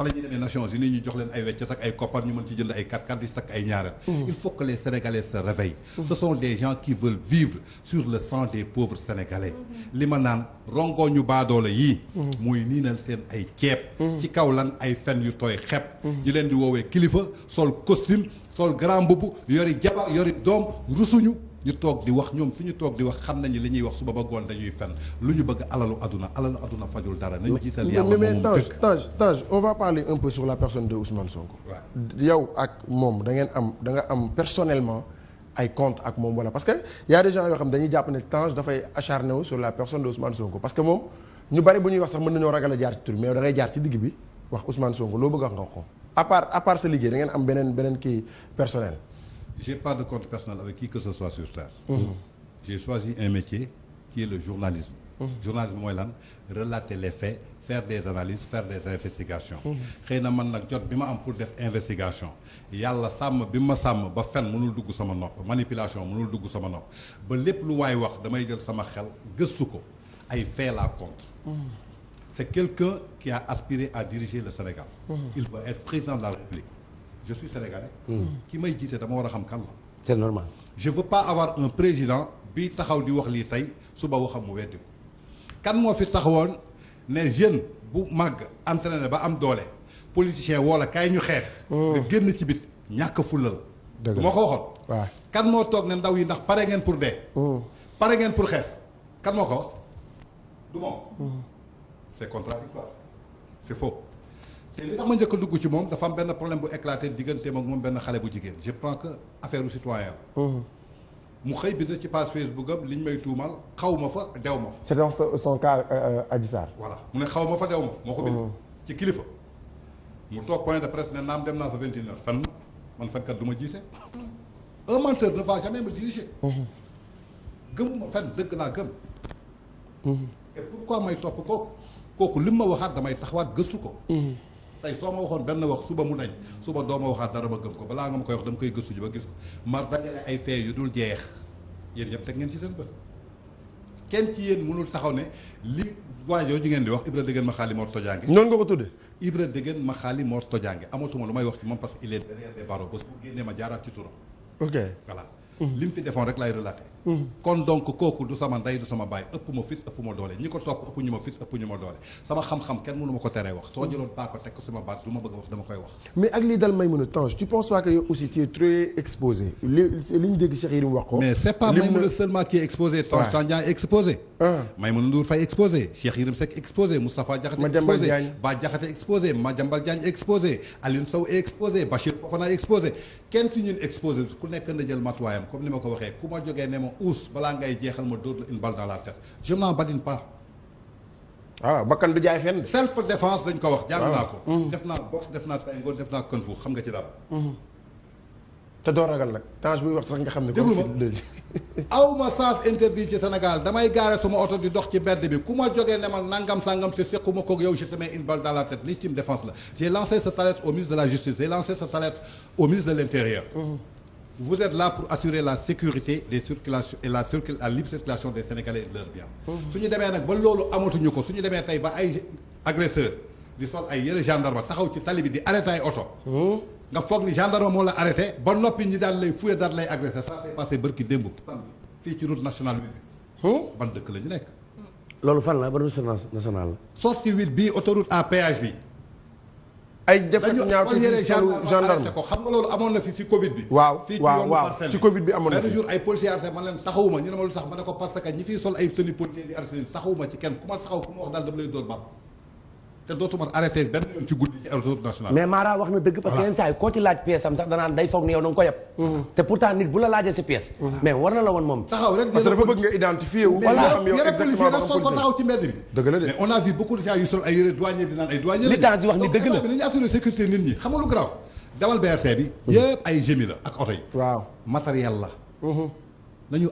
fa la ñuy demee Nations Unies ñu jox leen ay weccat ak ay koppar ñu mën ci jënd ay kat kat di takk ay ñaareel. Mm. il faut que les Sénégalais se mm. ce sont des gens qui veulent vivre sur le sang des pauvres Sénégalais. Mm-hmm. li ma naan rongoo ñu baadoole yii. Mm. muy niinal seen ay ceeb. ci kaw lan ay fen yu tooy xepp. ñu leen di woowee kilifa sol costume sol grand mbubb yori jabar yori doom rusuñu. ñu toog di wax ñoom ñu toog di wax xam nañu li ñuy wax suba ba goon dañuy fen sur la personne de Ousmane Sonko yow nga am personnellement ay compte ak parce que yoo xam dañuy jàpp ne Tange dafay acharné wu sur la personne moom ñu bari bu ñuy wax sax mën nañoo ragal a jaar ci tur mais da jaar ci digg bi wax Ousmane Sonko loo bëgg wax nga ko à part sa liggéey da am beneen beneen kii personnel j'ai pas de compte personnel avec qui que ce soit sur terre mm choisi un métier qui est le journalisme mm journalisme mooy lan relater les faits faire des analyses faire des investigations mmh. xëy na man nag jot bi ma am pour def investigation yàlla sàmm bi ma sàmm ba fen mënul dugg sama nopp manipulation mënul dugg sama nopp ba lépp lu waay wax damay jël sama xel gëstu ko ay fait la contre mmh. c'est quelqu'un qui a aspiré à diriger le Sénégal mmh. il va être président je suis sénégalais. Hmm. ki may jiite dama war a xam kan la. c'est normal. je veux pas avoir un président bi taxaw di wax lii tey suba waxam mu weddi ko kan moo fi taxawoon ne jeune bu màgg entraîné ba am doole politicien woo la kaay ñu xeex. Hmm. nga génn ci bit ñàkk fulla la. moo ko waxoon. kan moo toog ne ndaw yi ndax pare ngeen pour dee. Hmm. pare ngeen pour xeex kan moo ko wax du moom. c'est contradictoire c'est faux. te li tax njëkk dugg ci moom dafa am benn problème bu éclaté digganteem ak moom benn xale bu jigéen je prends que affaire u citoyen la. mu xëy bind ci page Facebook am liñ may tuumal xaw ma fa dew ma fa. c'est donc son cas euh, euh, Adji Sarr. voilà mu ma fa dew ma moo ko bind ci kilifa. mu toog point de presse ne dem naa fa vingt et une heures du ma jiite. un menteur ne va jamais me diriger. gëmuma fenn dëgg laa gëm. kooku kooku lim ma waxaat damay taxawaat gëstu ko. tey soo ma waxoon benn wax suba mu dañ suba doo ma waxaat dara ma gëm ko balaa nga ma koy wax dama koy gësu ji ba gis ko ma dajale ay fee yu dul jeex yéen ñëpp teg ngeen ci seen bët kenn ci yéen mënul taxaw ne li waajoo ji ngeen di wax Ibra Degen Maxaali Mor Tojange. noonu nga ko tudde Ibra Degen Maxaali Mor Tojange amatuma lu may wax ci moom parce que il est derrière des barreaux ba su génnee ma jaaraat ci turam. ok li mu fi defoon rek laay relater. kon donc kooku du sama ndey du sama baay ëpp ma fit ëpp ma doole sama xam-xam kenn mënu ko teree wax soo jëloon baa ko teg ko sama du ma bëgg wax dama koy wax mais ak lii dal may mën a tu penses pas yow aussi tu es exposé li li ñu dégg Cheikh Yérim wax ko mais c'est pas Maïmouna seulement qui exposé Tange Tandian exposé ah. Maïmouna Ndour Faye exposé Cheikh Yérim exposé Moustapha Diakhaté exposé exposé Madiambal Diagne exposé Aliou Sow exposé exposé kenn si exposé uus balaa ngay jeexal ma dóor la une balle dans la tête je m'en badine pas. ah bakkan du jaay fenn. self defence dañ ko wax. jàng naa ko. Mm-hmm. def naa boxe def naa taekwondo def naa kung fu xam nga ci dara. Mm-hmm. te doo ragal nag Tange buy wax sax nga xam ne. déglu ma aw ma sens interdit ci Sénégal damay gaare suma oto di dox ci bedd bi ku ma jógee ne ma nangam sangam te sequma koog yow je te dans la tête légitime défense la j'ai lancé cette alerte au ministre de la justice j'ai lancé cette alerte au ministre de l'intérieur. Mm-hmm. vous êtes là pour assurer la sécurité des circulations et la circul la libre circulation des Sénégalais et de leurs biens su ñu demee nag ba loolu amatuñu ko su ñu demee tey ba ay agresseur di sol ay yëre gendarme taxaw ci tali bi di arrêté ay oto. nga foog ni gendarme moo la arrêté ba noppi ñi daan lay fouillé daan lay agressé ça s'est passé bërki démb. fii ci route nationale bi. ban dëkk la ñu nekk. loolu fan la ba route nationale la. sortie 8 autoroute à péage bi. ay defetu ñaaw ci solu gendarme ko xam nga loolu amoon na fi si Covid bi. waaw waaw waaw ci Covid bi amoon na fi jour ay policiers arrêté man leen taxawuma ñu ne ma lu tax ma ne ko parce que ñi fiy sol ay tenue policier di arrêté taxawuma ci kenn ku ma taxaw ku ma wax daal dama lay dóor te dootuma arrêté benn yoon ci guddi mais Mara wax na dëgg parce que yenn saa yi koo ci laaj pièce sax danaan day foog ni yow da nga ko yeb. Mhm. te pourtant nit bu la laajee si pièce. Mhm. mais war na la woon moom. taxaw rek dafa bëgg nga identifier wu. xam yow ko taxaw ci mbedd bi. dëgg la de mais on a vu beaucoup de gens sol ay yére douanier di naan ay douanier. di wax ni dëgg la donc dañuy assurer sécurité nit mhm. ay yi. waaw matériel la. nañu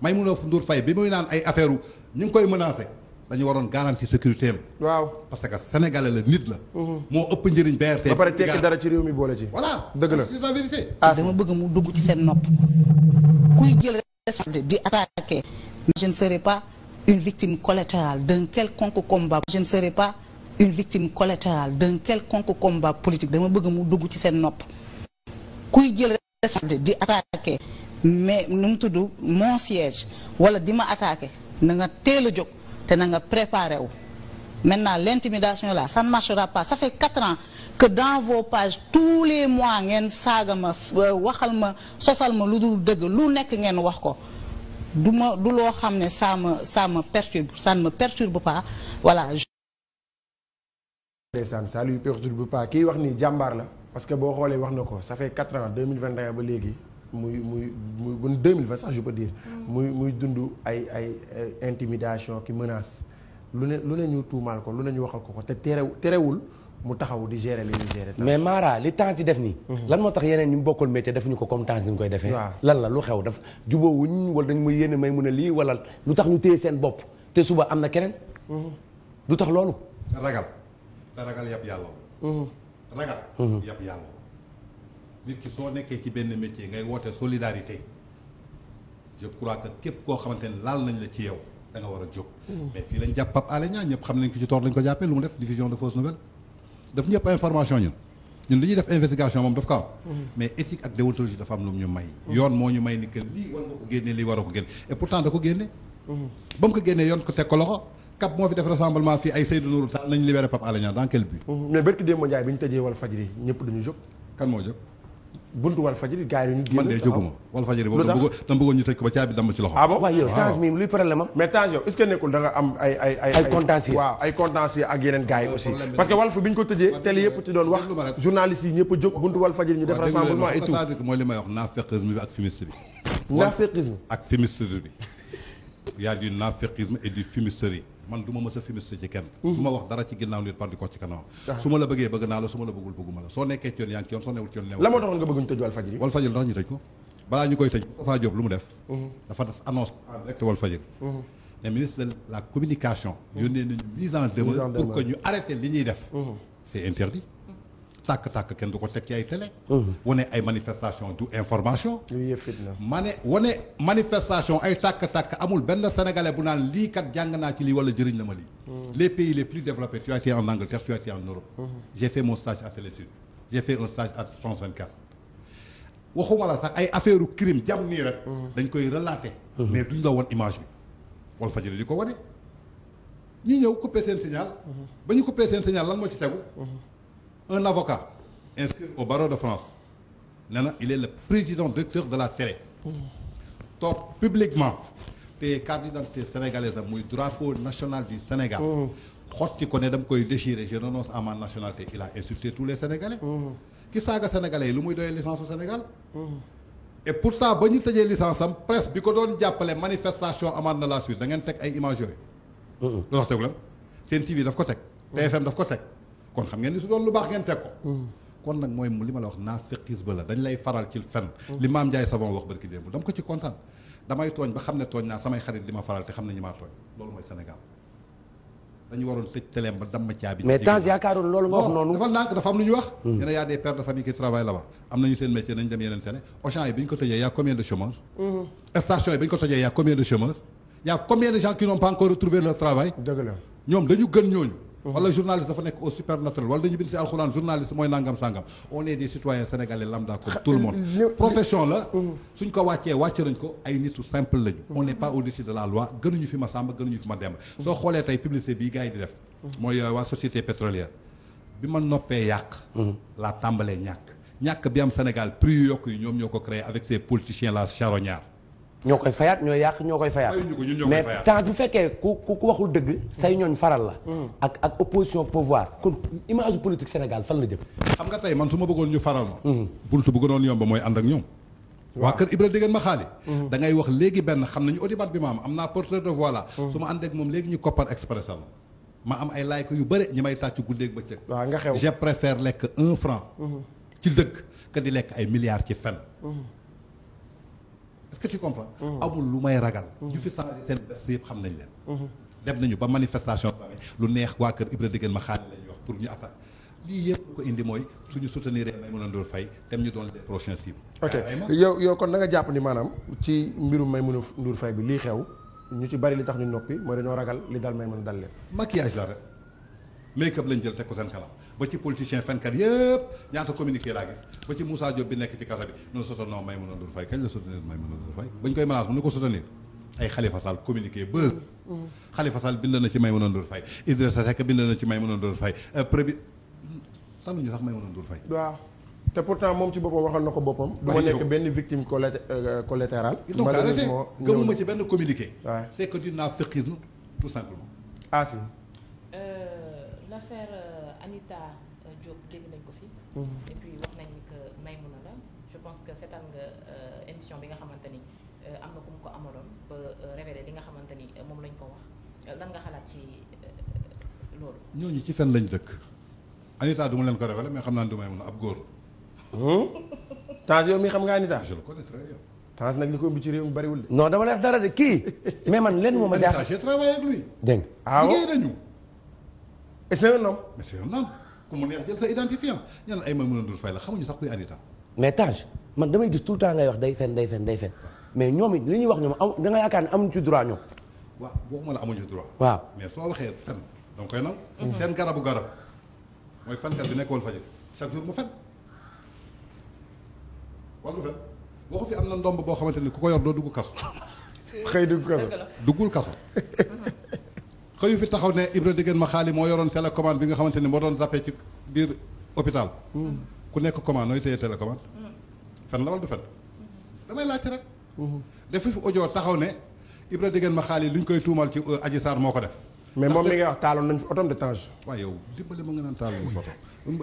may mun a Ndour bi muy naan ay affaire ñu ngi koy menacer dañu waroon garanti sécurité am. waaw parce que sénégalais la nit la. Mhm. moo ëpp njëriñ BRT. ba pare tekki dara ci réew mi boole ci. voilà dëgg la ah, bëgg mu dugg ci seen nopp jël responsabilité di attaquer. je ne serai pas une victime collatérale d'un quelconque combat. je ne serai pas une victime politique dama bëgg mu dugg ci seen nopp kuy jël responsabilité di attaquer mais nu mu tudd wala di ma attaque nanga nga teel a jóg. te na préparer préparé wu maintenant l'intimidation là ça ne marchera pas ça fait quatre ans que dans page pages tous les mois ngeen saaga ma euh, waxal ma sosal ma lu dul dëgg lu nekk ngeen wax ko du ma du loo xam ne ça ma ça me perturbe ça ne me perturbe pas voilà ndeysaan ça lui perturbe wax ni jàmbaar la parce que boo xoolee wax na ko ça fait quatre ans 2021 ba léegi muy muy muy bu 2020 sax je peux mm. muy muy dund ay ay intimidation ki menace lu ne lu ne ñu tuumaal ko lu ne ñu waxal ko ko te terew terewul mu taxaw di gérer li ñuy gérer. mais maaraa li temps ci def nii. Mm-hmm. lan moo tax yeneen ñu mu bokkal métier defuñu ko comme temps ni ñu koy defee. lan la lu xew daf jubóowuñ wala dañ ma yéene may mun a lii wala lu tax ñu téye seen bopp te suba am na keneen. Mm-hmm. lu tax loolu. ragal te ragal yàlla. ragal. yab mm-hmm. nit ki soo nekkee ci benn métier ngay woote solidarité je crois képp koo xamante ne laal nañ la ci yow da nga war a jóg. Mm. mais fii lañ jàpp Pape Alé Niang ñëpp xam nañ ko ko jàppee def diffusion de fausse nouvelle daf ñëpp information ñun ñun li ñuy def investigation moom ko am. Mm. mais éthique ak ñu may. Mm. yoon moo ñu may ni que lii war nga ko génne lii waroo ko génne et pourtant da ko moo fi mm-hmm. dañu jóg. kan moo jóg. buntu wal fajiri gars yi ñu génn. man de jóguma wal boobu tam bëggoon ñu tëj ko ba caabi dama ci loxo. ah bon yow ah. Tange que nekkul da am ay ay ay. ay contentieux ak yeneen gars yi aussi. parce que Walf bi ñu ko tëjee télé yëpp ci doon wax. journalistes yi ñëpp a jóg buntu wal fajiri ñu def rassemblement et tout. mooy li may wax naaféqisme bi ak fumiste bi. ak fumiste bi y a du et du fumisterie man du ma mës a féministe ci kenn du ma wax dara ci ginnaaw nit par di ko ci kanam ah. su ma la bëggee bëgg naa la su ma la bëggul bëgguma la soo nekkee ci yoon yaa ngi ci yoon soo newul ci yoon newul la moo taxoon nga bëgg ñu tëj Walfadjri Walfadjri ndax ñu tëj ko balaa ñu koy tëj Moustapha Diop lu mu def dafa def annonce en direct Walfadjri ne ministre la communication yónnee nañu mise en demeure pour que ñu arrêté li ñuy def c'est interdit tàkk-tàkk kenn du ko teg ci ay télé. wane ay manifestation du information. ma ne wane manifestation ay tàkk-tàkk amul benn sénégalais bu naan lii kat jàng naa ci lii wala jëriñ na ma lii. les pays les plus développés tu as été en Angleterre tu as été en Europe. j'ai fait stage à Télé Sud j'ai un stage à France 24. waxuma la sax ay affaire crime jam nii rek. dañ koy relater. mais duñ la won image bi. wala fajiri di ko wane. ñi ñëw couper seen signal. ba ñu couper seen signal lan moo ci un avocat inscrit au barreau de France nee na il est le président directeur de la télé toog publiquement te carte d'identité sénégalaise am muy drapeau national du Sénégal mm-hmm. xotti ko ne dama koy déchirer je renonce à ma nationalité il a insulté tous les Sénégalais mm-hmm. ki saaga sénégalais yi lu muy doyee licence au Sénégal mm-hmm. et pourtant ba ñu tëjee licence am presse bi ko doon jàppale manifestation amaat na la suite da ngeen teg ay images yooyu lu tax tegu leen seen TV daf ko teg TFM daf ko teg kon xam ngeen ni su doon lu baax ngeen fekk ko hmm. kon nag mooy li ma la wax naafeqis ba la dañ lay faral ci fen hmm. li maam Ndiaye Savon wax barki démb dama ko ci kontaan damay tooñ ba xam ne tooñ naa samay xarit di ma faral te xam ne ñi maa tooñ loolu mooy Sénégal dañu waroon tëj teleem ba damm caabi mais temps yaakaaroon loolu nga wax noonu dafa nànk dafa am lu ñu wax hmm. ñu ne y a de famille qui travaillent là-bas am nañu seen métier nañ dem y a combien de chômeurs station a a combien de gens qui n'ont pas encore retrouvé wala journaliste dafa nekk au supernaturel wala dañu bind si alxuraan journaliste mooy nangam sangam on est des citoyens sénégalais lambda tout le monde mm. profession la mm. suñ ko wàccee wàcce nañ ko ay nitu simple lañu on n'est pas au-dessus de la loi gënuñu fi ma sàmb gënuñu fi ma demb soo xoolee tey publicité bii gars yi di def mooy euh, waa société pétrolière bi ma noppee yàq mm. laa tàmbalee ñàkk ñàkk bi am Sénégal prix yu yokk yi ñoom ñoo ko créé avec ces politiciens là charognards ñoo koy fayaat ñooy yàq ñoo koy fayaat mais temps bu fekkee ku ku waxul dëgg mm. say ñooñ faral la mm. ak ak opposition pouvoir kon image politique Sénégal fan la jëm xam nga tey man su ma bëggoon ñu faral ma mm-hmm. buntu bu gënoon yomb mooy ànd ak ñoom waa kër Ibra dégg ma xaali mm-hmm. da wax léegi benn xam nañu audimat bi ma am am naa porteur de voix la mm-hmm. su ma ànd ak moom léegi ñu koppar express la ma am ay laay yu bëre ñi may tàcc guddeeg bëccëg waaw nga xew je préfère lekk un ci dëgg di lekk ay milliards ci fen est-ce que tu comprends. amul lu may ragal. ñu fi changé seen veste yëpp xam nañ leen. dem nañu ba manifestation lu neex waa kër Ibrahima Dégg ma xaaral lañ wax pour ñu attaque lii yëpp ko indi mooy suñu soutenir may mën a ndool fay dem ñu doon les prochains cibles. yow yow kon da jàpp ni maanaam ci mbirum may mën a fay bi lii xew ñu si bari li tax ñu noppi mooy dañoo ragal li dal may mën a dal leen. maquillage la rek make-up lañ jël teg ko seen ba ci politicien fenkat yëpp ñaata communiqué laa gis ba ci Moussa Diop bi nekk ci kasa bi ñu ne soutenons Maïmouna Ndour Faye kañ la soutenir Maïmouna Ndour Faye ba ñu koy menace mu ne ko soutenir ay Khalifa Sall communiqué na ci Maïmouna Ndour Faye Idrissa Seck bind na ci Maïmouna Ndour Faye euh, prébi taluñu sax Maïmouna Ndour moom ci boppam waxal na ko boppam du ma nekk benn victime euh, collatérale donc arrêté gëmuma ci benn communiqué c'est que du naaféqisme tout simplement ah euh, Anita euh, Diop dégg nañ ko fi. Mhm. et puis wax nañ ni que Maïmouna la je pense que seetaan nga euh, émission bi nga xamante ni euh, am na ku mu ko amaloon ba révélé nga xamante ni moom lañ ko wax lan nga xalaat ci loolu. ñooñu ci fen lañ dëkk. Anita du ma leen ko révélé mais xam naa ne du Maïmouna ab góor. Hmm? Tange yow mi xam nga Anita. je le nag li ko ëmb ci réew mi bariwul de. non dama lay wax dara de kii mais man lenn moom a jaaxal Anita j'ai ak lui. dégg nga et c'est un homme. mais c'est un homme ku mu neex jël sa identifiant ñu ne ay Maimouna Ndour Faye la xamuñu sax kuy Anita. mais Tange man damay gis tout le temps ngay wax day fen day fen day fen mais ñoom li ñuy wax ñoom am da nga yaakaar ne amuñu ci droit ñoom. waaw waxuma la waaw mais soo waxee fen da nga koy nangu. seen garabu garab mooy fenkat bi nekkoon fajar chaque jour mu fen wala du fen waxu fi am na ndomb boo xamante ni ku ko yor doo dugg kaso. xëy dugg kaso duggul kaso. xëyu fi taxaw ne Ibra Degen ma xaali moo yoroon télécommande bi nga xamante ni moo doon zappé ci biir hôpital mm-hmm. ku nekk commande nooy téye télécommande mm-hmm. fen la wala du fen mm-hmm. damay laajte rek dafa fi ojoo taxaw ne Ibra Degen ma xaali lu ñu koy tuumal ci euh, Adji Sarr moo ko def mais moom mi ngay wax taaloon nañ fi otom de tange waaw yow dimbale ma nga naan taaloon foto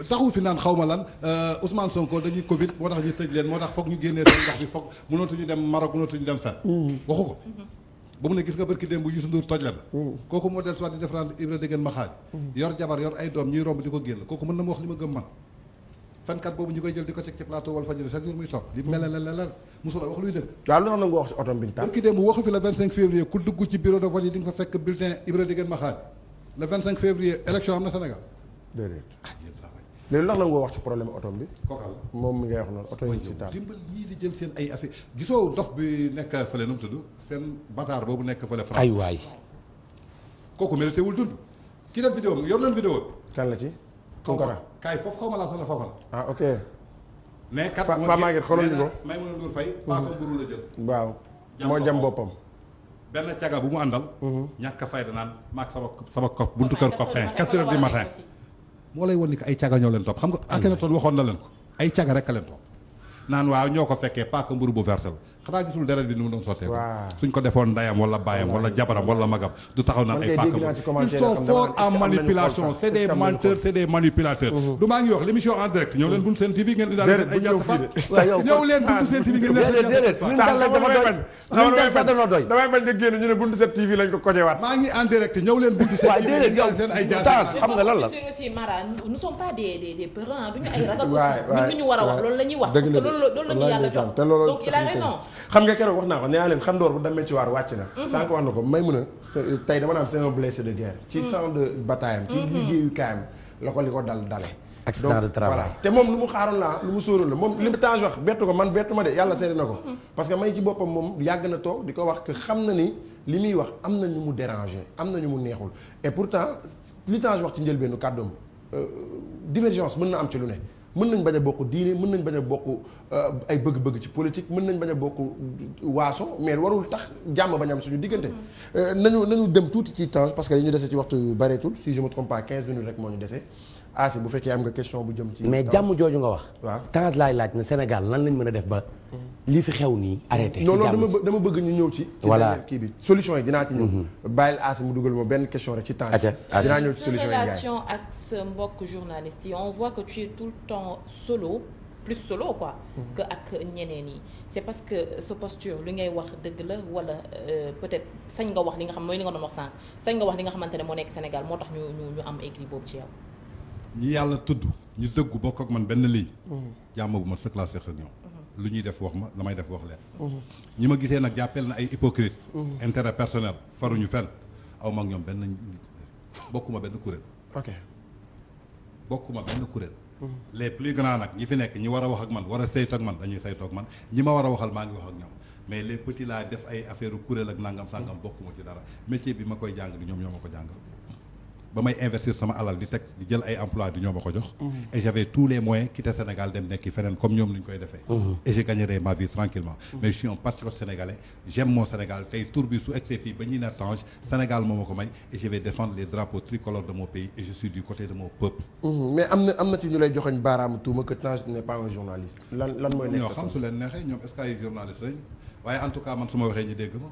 taxu fi naan xaw ma lan euh, Ousmane Sonko dañuy Covid moo tax ñu tëj leen moo tax foog ñu génnee seen ndax bi foog mënootuñu dem Maroc mënootuñu dem fen waxu ko ba mu ne gis nga barki démb bu Youssou Ndour la ba mm. kooku mm. na ma wax li ma gëm man mm. février ku dugg ci bureau de vote yi di nga fa fekk bulletin Ibra dëggeen ma xaaj le 25 février élection am na Sénégal léegi ndax la nga wax ci problème oto bi. kooka la moom mi ngay wax noonu oto yi dimbal ñii di jël seen ay affaire gisoo dof bi nekk fële nu mu tudd seen bataar boobu nekk fële France. ay waay. kooku mérité wul dund. ki def vidéo yor leen vidéo bi. kan la ci. Konkara kaay foofu xaw ma laa sax la foofa la. ah ok. mais kat Pa Pa Maguette xoolal ko may mën a fay. paa ko mburu la moo jam boppam. benn caga bu mu àndal. Mhm. ñàkk a fay danaan maag sama sama buntu kër copain quatre heures matin. moo lay wan ni ko ay caga ñoo leen topp xam nga Akhenaton waxoon na leen ko ay caga rek a leen topp naan waaw ñoo ko fekkee pas que mburu bu verte la xanaa gisul deret bi ni mu doon sottee ko suñ ko defoon ndayam wala baayam wala jabaram wala magam du taxaw naan ay paaka ils sont forts en manipulation c'est des menteurs c'est des manipulateurs du maa ngi wax l'émission en direct ñëw leen buntu seen TV ngeen di daal ay jàpp fa ñëw leen buntu seen TV ngeen di daal déedéet ñun daal lañ dafa doy ñun daal sax dafa doy damay bañ nga génn ñu ne buntu seen TV lañ ko kojewaat maa ngi en direct ñëw leen buntu seen TV ngeen di daal seen ay jàpp xam nga lan la aussi Mara nous sommes pas des des des parents duñu ay ragal aussi ñu war a wax loolu la ñuy wax parce que loolu loolu la ñuy yàlla jox donc il a raison xam nga keroog wax naa ko nee naa leen xam door bu demee ci waar wàcc na mhm. sànq wax na ko may mun a tey dama naan c'est un blessé de guerre ci mhm. champ de bataille am ci mhm. liggéeyukaayam la ko li ko dal dale accident de travail voilà te moom lu mu xaaroon laa lu mu sóoroon la moom li mu Tange wax bettu ko man bettu ma de yàlla seeri na ko parce que may ci boppam moom yàgg na toog di ko wax que xam na ni li muy wax am na ñu mu dérangé am na ñu mu neexul et pourtant li Tange wax ci njëlbeenu kàddoom euh, divergence mën na am ci lu ne mën nañ bañ a bokk diine mën nañ bañ bokk euh, ay bëgg-bëgg ci politique mën nañ bañ bokk waaso mais warul tax jàmm bañ am suñu diggante. Euh, nañu nañu dem tuuti ci temps parce que li ñu dese ci waxtu bareetul si je me trompe pas minutes rek moo ñu dese. Asi ah, bu fekkee am nga question bu jëm ci. mais jàmm jooju nga wax. waaw tant laay laaj na Sénégal lan lañ mën a def ba. lii fi xew nii arrêté. ci non dama dama bëgg ñu ñëw ci. voilà ci kii bi solution yi dinaa ci ñëw. Mhm. bàyyil Asi mu dugal ma benn question rek ci temps yi. dinaa ñëw ci solution yi relation ak sa mbokk yi on voit que tu es tout le temps solo plus solo quoi. Mhm. que ak ñeneen yi. c'est parce que sa posture li ngay wax dëgg la wala euh, peut-être sañ nga wax li nga xam mooy li nga nga wax li nga xamante ne moo nekk Sénégal moo tax ñi yàlla tudd ñu dëggu bokk ak man benn ligne. Mhm. jàmm bu ma sëkk laa sëkk ak ñoom. Mhm. lu ñuy def wax ma la may def wax leen. Mhm. ñi ma gisee nag jàppeel na ay hypocrite. intérêt personnel faruñu fen aw ma ak ñoom benn bokkuma benn kuréel. ok bokkuma benn kuréel. les plus grands nag ñi fi nekk ñi war a wax ak man war a saytu ak man dañuy saytu ak man ñi ma war a waxal maa ngi wax ak ñoom mais les petits laa def ay affaire kuréel ak nangam sangam bokkuma ci dara métier bi ma koy jàng ñoom ñoo ma ko jàngal. ba may investir sama alal di teg di jël ay emploi di ñoo ma ko jox mhm. et j'avais tous les moyens quitter Sénégal dem nekki feneen comme ñoom ni koy defee mhm. et je gagnerai ma vie tranquillement mhm. mais je suis un patriote sénégalais j'aime mon ko may et je défendre les drapeaux tricolores de mon pays et je suis du côté de mon peuple mais am na am na ci ñu lay joxoñ baaraam tuuma que Tange n'est pas un journaliste lan waaye en tout cas man su ma waxee ñu dégg ma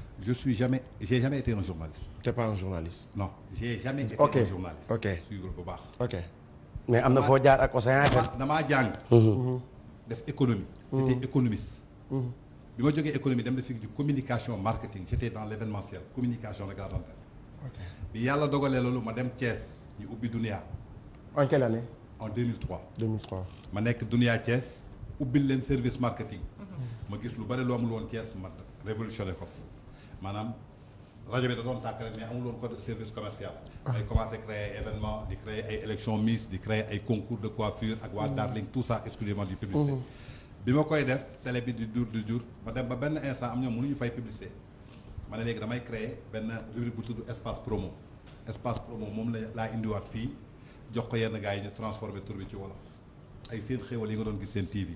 je suis jamais j'ai jamais été un journaliste. t'es pas un journaliste. non jamais été okay. journaliste. ok suivre bu baax. ok mais am na foo jaar ak océan. damaa jàng. Mhm. Mhm. def économie. j'étais mhm. économiste. bi ma jógee économie dem defi communication marketing j'étais dans l'événementiel communication rek laa doon def. ok bi yàlla dogalee loolu ma dem Thiès ñu ubbi Dunia. en quelle année. en ma nekk Dunia Thiès ubbil leen service marketing. ma gis lu bari loo amul ma révolutionné ko. maanaam rajo bi da doon tàkk rek mais amul woon code service commercial. Ah. ay commencé créer événement di créer ay élection Miss di créer ay concours de coiffure ak waa mm-hmm. Darling tout ça exclusivement du publicité. Mm-hmm. bi ma koy def télé bi di dur di jur ma dem ba benn instant am ñoom ñu fay publicité ma ne léegi damay créer benn rubrique bu tudd espace promo espace promo moom la laa indiwaat fii jox ko yenn gaa yi ñu transformé tur bi ci wolof ay seen yi nga doon gis seen TV.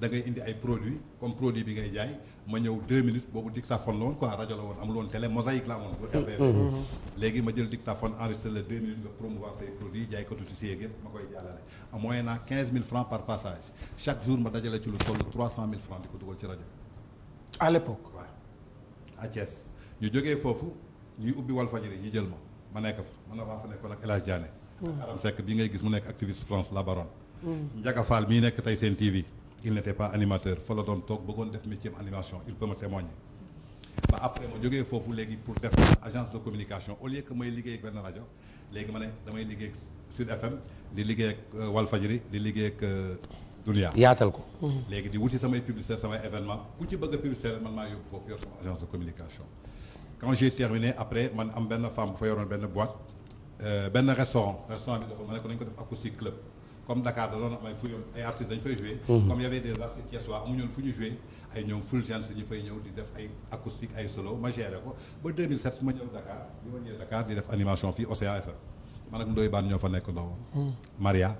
da ngay indi ay produits comme produit bi ngay jaay ma ñëw deux minutes boobu dictaphone la woon quoi rajo la woon amul woon télé mosaïque la amoon bu mm-hmm. RDV mm-hmm. léegi ma jël dictaphone enregistré la deux minutes nga promouvoir say produits jaay ko si yéeg ma koy jàllale en moyenne à quinze mille francs par passage chaque jour ma dajale ci lu toll trois cent mille francs di ko dugal ci rajo à l'époque waaw à ñu jógee foofu ñuy ubbi Walfadjri ñu jël ma ma nekk fa man avant fa nekkoon ak El Hadj Diané mm. bi ngay gis mu nekk activiste France la baronne mm. Ndiaga Fall mii nekk tey seen TV il n'était pas animateur fa la doon toog bëggoon def métier animation il peut me témoigner ba après ma jógee foofu léegi pour def agence de communication au lieu que may liggéey ak benn rajo léegi ma ne damay liggéey ak Sud FM di liggéey ak euh, Walfadjri di liggéey ak euh, Dunia. yaatal ko. léegi di wuti samay publicer samay événement ku ci bëgg a publicité man maa yóbbu foofu yor sama agence de communication. quand j'ai terminé après man am benn femme bu fa yoroon benn boîte euh, benn restaurant restaurant bi dafa ma ko nañ ko comme Dakar da doon am fu ay artistes dañu fay joué. Mhm. comme y avait des artistes thiessois amuñu woon fu ñu joué ay ñoom Fulgence ñu fay ñëw di def ay acoustique ay solo ma géré ko ba 2007 ma ñëw Dakar bi ma ñëwee Dakar di def animation fii Océan FM man ak Ndoye Bane ñoo fa nekk ndaw. Mhm. Maria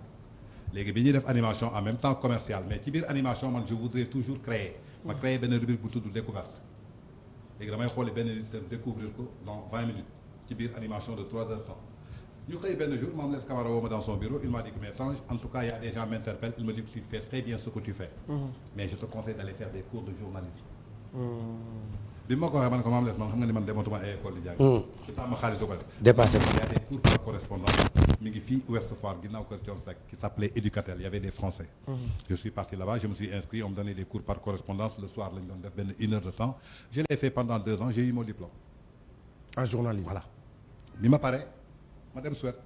léegi bi ñuy def animation en même temps commercial mais ci biir animation man je voudrais toujours créer. ma mhm. créer benn rubrique bu tudd découverte léegi damay xooli benn nit dem découvrir ko dans animation de trois heures temps. ñu xëy benn jour Mame Less Camara dans son bureau il m'a dit que mais en tout cas il y a des me disent que tu fais très bien ce que tu fais. Mm-hmm. mais je te conseille d'aller faire des cours de journalisme. Mm-hmm. bi ma ko waxee ko Mame man xam nga ni man dematuma ay école di jàng. ci mm. temps ma xaalis ko def. dépassé ko y a des cours par correspondance mi ngi fii Ouest Foire ginnaaw kër Thion qui s'appelait Éducatel il y avait ma dem Suède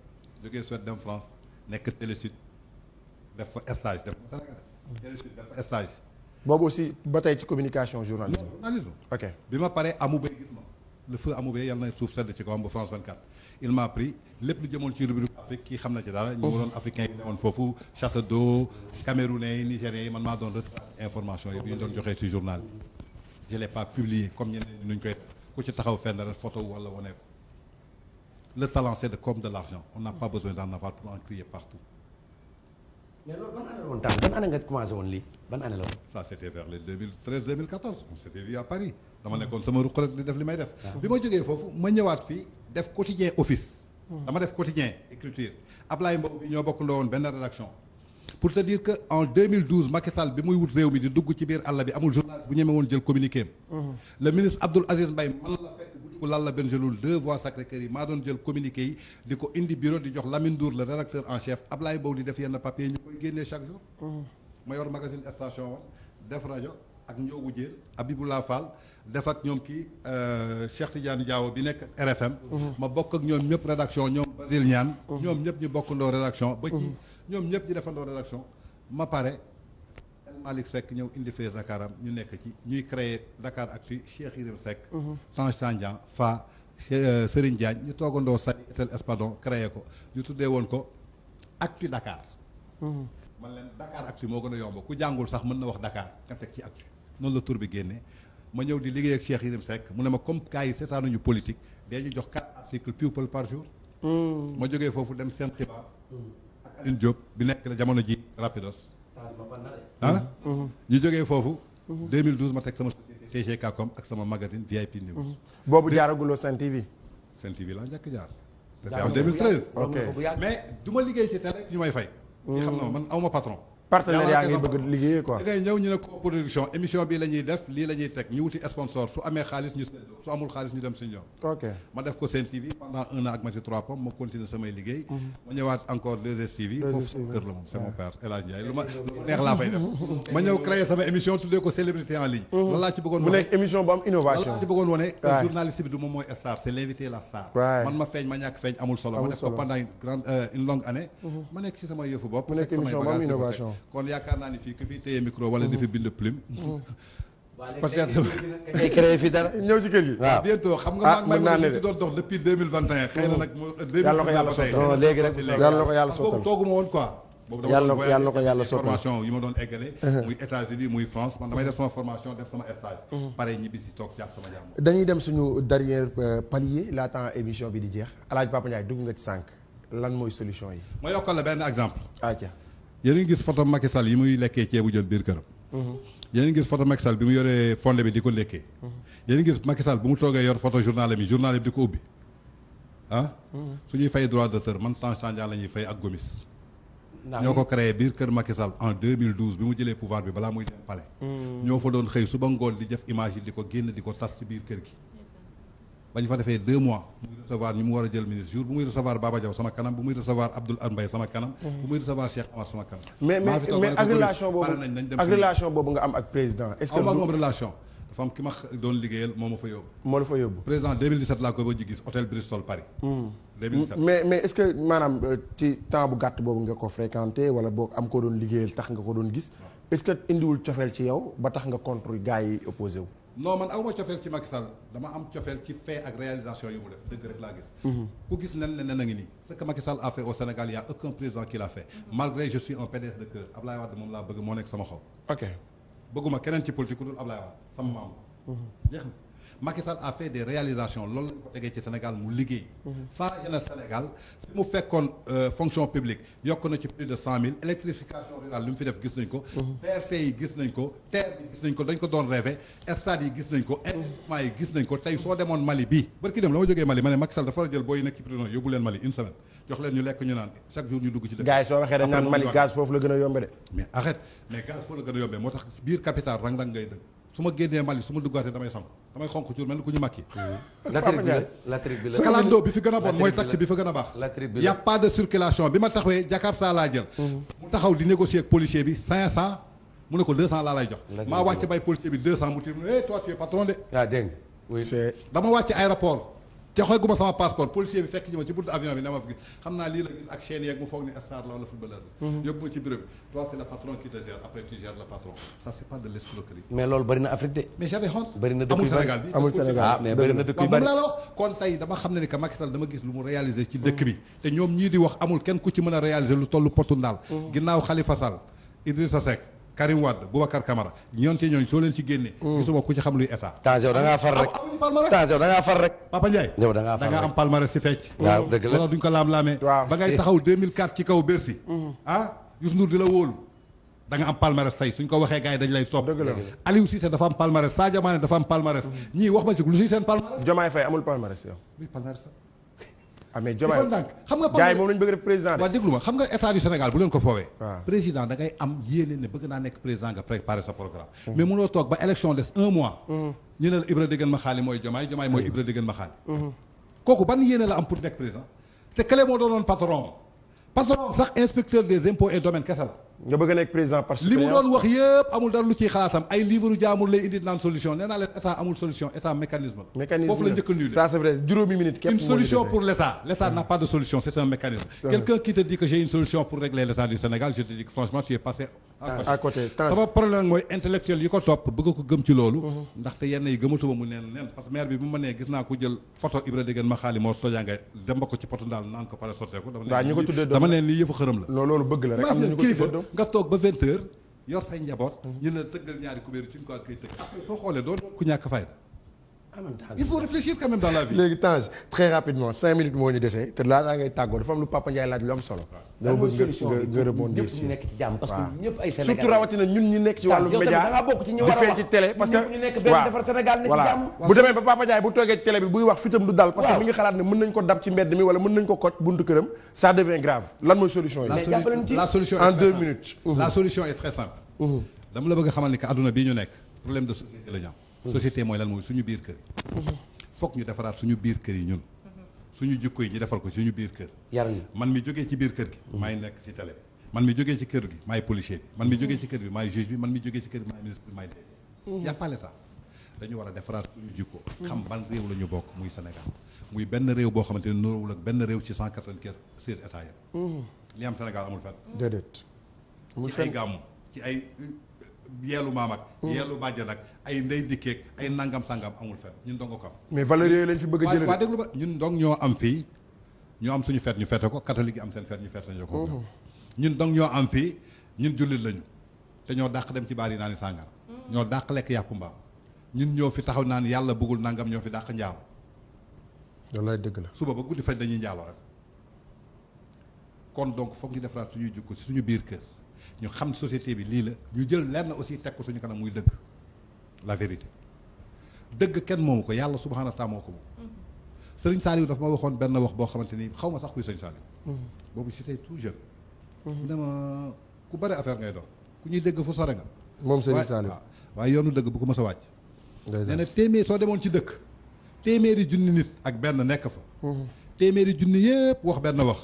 jógee Suède dem France nekk Télé def fa stage def fa boobu aussi ba tey ci communication journalisme. journalisme ok bi ma paree amu bay gis ma. le amu bay yàlla na suuf sedd ci kawam ba France 24 il m'a pris lépp lu jëmoon ci rubrique Afrique kii xam na ci daal ñu oh. waroon africain yi newoon foofu Château d'eau Camerounais yi Nigériens yi man maa doon retraite information yi bi doon joxee ci journal bi. je l'ai pas publié comme ñeneen ñi nuñ koy ku ci taxaw fenn rek wala wane le talent c'est de comme de l'argent on n'a pas besoin d'en avoir pour en crier partout. mais loolu ban année la woon temps ban année nga commencé woon lii ah. bi ma jógee foofu ma ñëwaat fii def quotidien office. Hmm. dama def quotidien écriture Ablaye Mbow bi ñoo bokkandoo woon benn rédaction. pour te dire que en 2012 Macky Sall bi muy wut réew mi di dugg ci biir àll bi amul journal bu ñeme woon jël communiqué am. Hmm. ministre Abdoul Aziz Mbaye ku Lalla Benjeloul deux voies Sacré-Cœur yi maa doon jël communiqué yi di ko indi bureau di jox Lamine Ndour le rédacteur en chef Ablaye Bow di def yenn papier ñu koy génnee chaque jour mm. ma yor magazine station def rajo ak Ndiogou Diène Abiboulah Fall def ak ñoom kii euh, Cheikh Tidiane Diawo bi nekk RFM mm-hmm. ma bokk ak ñoom ñëpp rédaction ñoom Basile Niane mm-hmm. ñoom ñëpp ñu bokkandoo rédaction ba mm-hmm. ñoom ñëpp ñu defandoo rédaction ma pare Malick Seck ñëw indi fee ñu nekk ci ñuy créer Dakar Actu Cheikh Yérim Seck. Mhm. Tange Tandian Fa euh, Serigne Diagne ñu toogandoo Sadi Etel Espadon créé ko ñu tuddee woon ko Actu Dakar. Mhm. man leen Dakar Actu moo gën a yomb ku jàngul sax mën na wax Dakar nga teg ci Actu noonu la tour bi génnee ma ñëw di liggéey ak Cheikh Yérim Seck mu ne ma comme gars yi seetaanuñu politique day ñu jox quatre articles people par jour. Mhm. ma jógee foofu dem seen xibaar. ak Alioune bi nekk la jamono ji Rapidos. ah mhm. Mhm. ñu jógee foofu 2012 ma teg sama société TGK com ak sama magazine VIP News mhm. boobu jaaraguloo Sen TV Sen TV laa njëkk jaar c'était en 2013 ok mais du ma liggéey ci télé ñu may fay ñi xam na ma man aw patron partenariat ngay bëgg liggéey quoi. ngay ñëw ñu ne co production émission bi la def lii la teg ñu wuti sponsor su amee xaalis ñu su amul xaalis ñu dem si ma def ko Sen TV pendant un an ma ñëw créer sama émission tuddee ko célébrité en ligne. Mhm. lan ci bëggoon wane mu nekk émission bu am innovation. lan ci bëggoon wane. journaliste du moom mooy star c'est l'invité la star. man ma feeñ ma ñàkk feeñ amul solo. ma def ko euh, mhm. ma nekk ci sama kon yaakaar naa ni fii ku fi téye micro wala dafa bind plume. peut-être ngay créé fii dara ñëw ci kër gi. waaw ah, bientôt xam nga ah, maa ngi may ci doon dox depuis deux mille vingt et un. xëy na nag mu deux mille vingt non léegi rek yàlla na ko yàlla sottal tooguma woon quoi. yàlla ko yàlla ko yàlla sottal yi ma doon eggale. Uh-huh. muy États-Unis muy France man damay def sama formation def sama stage. Uh-huh. si toog jàpp sama jàmm. dañuy dem suñu dernier euh, palier laataa émission bi di jeex El Hadj Papa Ndiaye dugg nga ci sànq lan mooy solution yi. ma yokkal la benn exemple. Ah, yéen a gis photo Macky yi muy lekkee ceebu jël biir këram. yéen a ngi gis photo Macky mhm. bi mu yoree fondé bi di ko lekkee. Mhm. yéen a ngi gis Macky bu mu toogee yor photo journal mi journal bi di ko ubbi ah. Mhm. su ñuy fay droit d'auteur man Tange Tandian la ñuy fay ak Gomis. ñoo ko créé biir kër Macky Sall en 2012 bi mu jëlee pouvoir bi balaa muy dem palais. ñoo fa doon xëy ba ngoon di def image yi di ko génn di ko tas ci biir kër gi. ba ñu fa defee deux mois muy recevoir ñu mu war a jël ministre jour bu muy recevoir Baba Diaw sama kanam bu muy recevoir Abdoul Mbaye sama kanam mm-hmm. bu muy recevoir Cheikh Amar sama kanam mais mais ak relation boobu ak relation boobu nga am ak président est-ce que moom relation dafa am ki ma doon liggéeyal moo ma fa yóbbu moo la fa yóbbu président 2017 laa ko ba ji gis hôtel Bristol Paris 2017 mm-hmm. mais mais est-ce que maanaam euh, ci temps bu gàtt boobu nga ko fréquenté wala boo am koo doon liggéeyal tax nga ko doon gis est-ce que indiwul cofeel ci yow ba tax nga contre gars yi opposé wu non man awma cofeel ci Macky Sall dama am cofeel ci fait ak réalisation yu mu def dëgg rek laa gis mhm. ku gis nen ne nen a ngi nii ce que Macky Sall a fait au Sénégal il y a aucun président qui l'a fait mhm. malgré je suis un PDS de cœur Ablaye Wade moom laa bëgg moo nekk sama xol ok bëgguma keneen ci politique ku dul Ablaye Wade sama maam mhm. jeex na Macky Sall a fait des réalisations loolu lañ ko tegee ci Sénégal mu liggéey. sans mhm. jeunesse Sénégal fi mu fekkoon euh, fonction publique yokk na ci plus de cent mille électrification rurale li mu fi def gis nañ ko. BRT mhm. yi gis nañ ko terre bi gis nañ ko dañ ko doon rêvé stade yi gis nañ ko. Mhm. investissement yi gis nañ ko tey soo demoon Mali bii. barki dem la jógee Mali ma ne Macky dafa war jël booy nekk ci prison yóbbu leen Mali une semaine jox leen ñu lekk ñu naan chaque jour ñu a yombee de. mais arrête mais a yombee moo tax biir capital rang ma génnee Mali su ma duggaatee damay sam damay xonk cuur mel ni ku ñu màkki. latrib bi la bi fi gën a bon mooy sàcc bi fa gën a baax. latrib a pas de circulation bi ma taxawee Jakarta laa jël. Mhm. mu taxaw di négocier ak policier bi 500 mu ne ko 200 laa lay jox. maa wàcc bay policier bi 200 mu tiir mu ne eh toi tu es patron de. ah dégg nga oui. c' est dama wàcc aéroport. te xooy guma sama passeport policier bi fekk ñi ma ci buntu avion bi ne ma fi xam naa lii la gis ak chaîne yeeg mu foog ni star la wala footballeur mhm. ma ci après tu gères patron ça c'est pas de l'escroquerie mais loolu bëri na de mais j'avais honte amul Sénégal ah mais bëri dëkk yu bëri moom laa la wax kon tey dama xam ne ni que Macky Sall gis lu mu réaliser ci dëkk bi te ñoom ñii di wax amul kenn ku ci mën a réaliser lu tollu potu ndaal mhm. ginnaaw Khalifa Sall Idrissa Seck Karim Wade Boubacar Camara ñoon ci ñooñ soo leen ci génnee. Mm. gisuma ku ci xam luy état. Tange da ngaa far rek ah, Tange da ngaa am palmarès si fecc. Mm. waaw dëgg duñ ko laam-laamee. ba ngay taxaw 2004 ci kaw Bercy. Mm. ah Youssou Ndour di la wóolu. da am palmarès tey suñ ko waxee gars dañ lay topp. dëgg la Aliou dafa am palmarès Sadio Mané dafa am palmarès. ñii wax ma ci lu siy seen palmarès. Diomaye Faye amul palmarès yow. ah mais Diomaye xam nga. gars yi moom lañu bëgg def président de. waaw déglu ma xam nga ah. naa mm-hmm. ba élection des mm-hmm. ne la Ibra Degen Maxaali mooy Diomaye Diomaye mooy mm-hmm. Ibra Degen Maxaali. kooku ban yéene am pour nekk président. te kële moo doonoon patron patron sax inspecteur des impôts et domaines kese la. nga bëgg a nekk président parce que li mu doon wax yëpp amul dara lu ciy xalaatam ay livre jaamur lay indi naan solution nee naa amul solution état mécanisme la. foofu la njëkk a ça mu neen neen parce maire bi bu ma nee gis naa ko jël photo Ibra Degen ma xaali moo tojaanga dem ba ko ci poto ndaal naan ko pare sotteeku. dama ne nii yëfu xërëm la. loolu bëgg la rek am na ñu ko tuddee nga toog ba vingt heures yor say njaboot. Mhm. ñu la tëggal ñaari kubéeru ci ñu ko ak koy tëgg. soo xoolee doon ku ñàkk fayda il faut réfléchir quand même dans la vie. léegi Tange très rapidement cinq minutes moo ñu dese te laataa ngay tàggoo dafa am lu Papa laaj lu am solo. dama bëgg nga nga rebondir bu demee ba bi buy wax fitam du dal parce que mi ngi xalaat ne mën nañ ko dab ci mbedd mi wala mën nañ ko koj buntu këram ça devient grave lan mooy solution yi la solution en deux minutes la solution est très simple mhm. dama la bëgg xamal ni que adduna ñu nekk problème de société société mooy lan mooy suñu biir kër foog ñu defaraat suñu biir kër yi ñun suñu jikko yi ñu defal ko suñu biir kër yar man mi jógee ci biir kër gi maay nekk ci télé man mi jógee ci kër gi maay policier bi man mi jógee ci kër bi maay juge bi man mi jógee ci kër bi maay ministre bi maay DG mhm. y a dañu war a defaraat suñu jikko xam ban réew la ñu bokk muy senegal muy benn réew boo xamante ne noorowul ak benn réew ci cent quatre-vingt-seize états yi mhm. li am Sénégal amul fenn déedéet ci ay gàmmu ci ay yeelu maam ak mm. yeelu bàjjan ak ay ndey dikkeeg ay nangam sangam amul fet ñun dong ko am mais valeurs yooyu lañ fi bëgg a jëlee waa déglu ba ñun dong ñoo am fii ñoo am suñu feet ñu fete ko catholique yi am seen feet ñu fete ñu ko mm-hmm. ñun dong ñoo am fii ñun jullit lañu te ñoo dàq dem ci baar yi naan mm. ñoo dàq lekk yàpp mbaam ñun ñoo fi taxaw naan yàlla bëggul nangam ñoo fi dàq njaalo wallaay dëgg la suba ba guddi fañ dañuy njaalo rek kon donc foog ñu defaraat suñuy jukko si suñu biir kër ñu xam société bi lii la ñu jël lenn aussi teg ko suñu kanam muy dëgg la vérité dëgg kenn moomu ko yàlla subhanahu wa taala moo ko moom mm-hmm. sëriñ Saliou dafa ma waxoon benn wax boo xamante ni xaw ma sax kuy sëriñ Saliou mm-hmm. boobu j'étais tout jeune mm-hmm. mu ne ma ku bëri affaire ngay doon ku ñuy dégg fu sore nga moom sëriñ waaye yoonu dëgg bu ko mës a wàcc nee na soo demoon ci dëkk téeméeri junni nit ak benn nekk fa téeméeri junni yëpp wax benn wax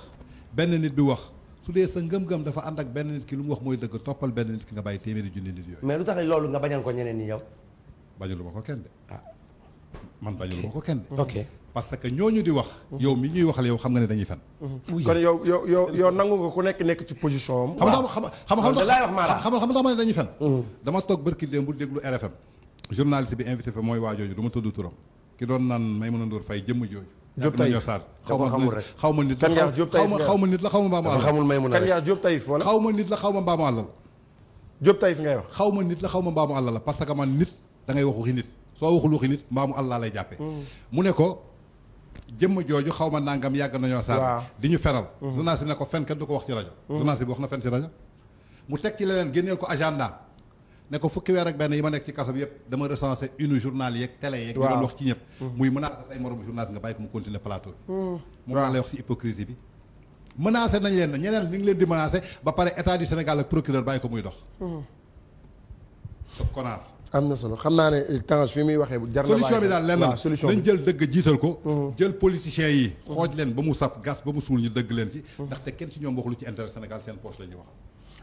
benn nit bi wax su dee sa ngëm-ngëm dafa ànd ak benn nit ki lu mu wax mooy dëgg toppal benn nit ki nga bàyyi téeméeri junni nit yooyu. mais lu tax loolu nga bañal ko ñeneen ñi yow. bañalu ma ko kenn de. ah man bañalu ma ko kenn de. ok parce que ñooñu di wax. yow mi ñuy waxal yow xam nga ne dañuy fen kon yow yow yow yow nangu nga ku nekk nekk ci position am. waaw xam nga xam nga xam nga ma ne dañuy fen dama toog barki démb bu déglu RFM journaliste bi invité fa mooy waa jooju du ma tudd turam ki doon naan Maimouna Ndour Faye jëmm jooju Diop Taïf xaw ma xamul rek xaw ma nit la xaw ma nit la xaw ma mbaamu àll xamul may mun a kan yaa Diop Taïf wala xaw ma nit la xaw ma mbaamu àll la Diop Taïf ngay wax xaw ma nit xaw ma mbaamu la parce que man nit dangay ngay waxu nit soo waxul waxi nit mbaamu àll laa lay jàppe hmm. mu ne ko jëmm jooju xaw ma nangam yàgg nañoo saar di ñu fenal hmm. journaliste bi ne ko fen kenn du ko wax ci rajo hmm. journaliste bi wax na fen ci rajo mu teg ci leneen génneel ko agenda ne ko fukki weer ak benn yi ma nekk ci kaso bi yëpp dama recensé une journal yeeg télé yeeg ñu doon wax ci ñëpp mm. muy menacé say moromu journaliste nga bàyyi ko mu continuer plateau bi mm. moom leen na ñeneen ñu ngi leen di menacé ba pare état du Sénégal ak procureur bàyyi ko muy dox mm. sob konaar am na solo xam naa ne eh, temps fi muy waxee jar na solution bi daal lenn nañ jël dëgg jiital ko jël politiciens yi xooj leen ba mu sab gas ba mu suul ñu dëgg leen ci ndaxte kenn si ñoom waxul ci intérêt Sénégal seen la ñuy wax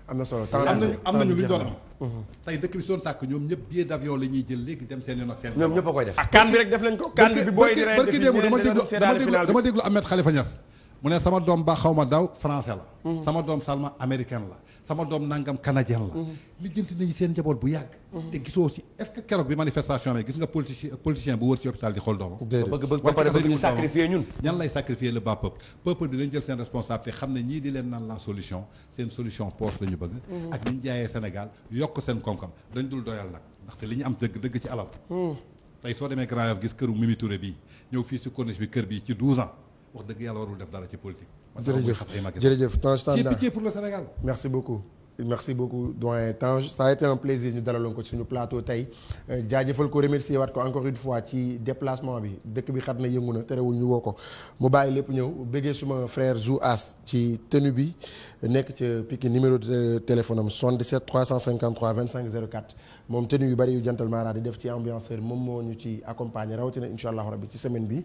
am na solo am nañu am nañu luñ doon am. Mhm. tey dëkk bi soon tàkk ñoom ñëpp billet d'avion la ñuy jël léegi dem seen yoon ak seen. ñoom ñëpp a koy def ah kan bi rek def nañ ko. kan bi booy di rey dama déglu dama déglu Ahmed Khalifa Niass mu ne sama doom ba xaw ma daw français la. Mhm. sama doom Salma américaine la. sama doom nangam canadien la. Mhm. lijjanti nañu seen njaboot bu yàgg. Mhm. te gisoo ci est-ce bi manifestation amee gis nga politicien bu wër ci hôpital di xool doomam. bëgg ñu sacrifier ñun. ñan lay sacrifier le bas peuple peuple bi dañ jël seen responsabilité xam ne ñii di leen naan la solution seen solution poche la ñu bëgg. Mhm. ak ni ñu jaayee Sénégal yokk seen koom-koom dañ dul doyal nag ndaxte li ñu am dëgg dëgg ci alal. tey soo demee Grand Yoff gis këru Mimi Touré ñëw fii si corniche bi kër bii ci 12 dëgg yàlla warul def dara ci politique jërëjëf jërëjëf Tange Tanda c'est merci beaucoup. merci beaucoup doyen tan ça a été plaisir ñu dalaloon ko suñu plateau tey euh, jaajafal ko remercier waat ko encore une fois ci déplacement bi dëkk bi xat na yëngu na terewul ñu woo ko mu bàyyi lépp ñëw bëggee suma frère Zou As ci tenue bi nekk ca Pikine numéro de euh, téléphone am 77 353 25 04 moom tenue yu bari yu Jantal Mara di def ci ambianceur moom moo ñu ci accompagner rawatina incha allahu rabbi ci semaine bi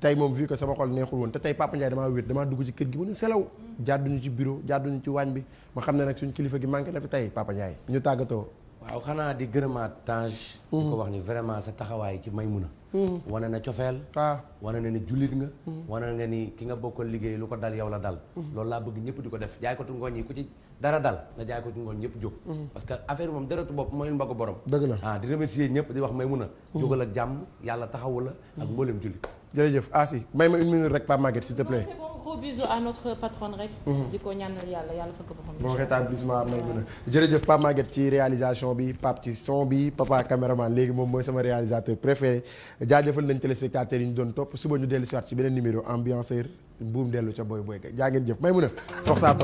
tey moom fii que sama xol neexul woon te tey Papa Ndiaye damaa wéet damaa dugg ci kër gi mën a selaw mm. jàdduñu ci bureau jàdduñu ci waañ bi ma xam ne nag suñu kilifa gi manqué na fi tey Papa ñu tàggatoo waaw xanaa di gërëmaat Tange. di ko mm-hmm. wax ni vraiment sa taxawaay ci Maymuna. Mm-hmm. wane na cofeel. waaw ah. wane na ni jullit nga. Mm-hmm. wane na ni ki nga bokkal liggéey lu ko dal yow la dal. loolu laa bëgg ñëpp di ko def jaay ko tu ngooñ yi ku ci dara dal na jaay ko tu ngooñ ñëpp jóg. parce que affaire moom deretu bopp mooy mbagu borom. ko la ah di remercier ñëpp di wax may Maymuna. a ak jàmm yàlla taxawu la. ak mboolem jullit. jërëjëf Asi may ma une minute rek Pape Maguette si te plaît. Ah, gros bisou à notre patronne rek. Mhm. di ko ñaanal yàlla yàlla fëgg boppam. bon rétablissement may mën a jërëjëf Pape Maguette ci réalisation bi Pape ci son bi papa caméraman léegi moom mooy sama réalisateur préféré jaajëfal nañ téléspectateurs yi ñu doon topp suba ñu dellu si waat ci beneen numéro ambianceur buum dellu ca booy booy ga jaa ngeen jëf may mën a sox saa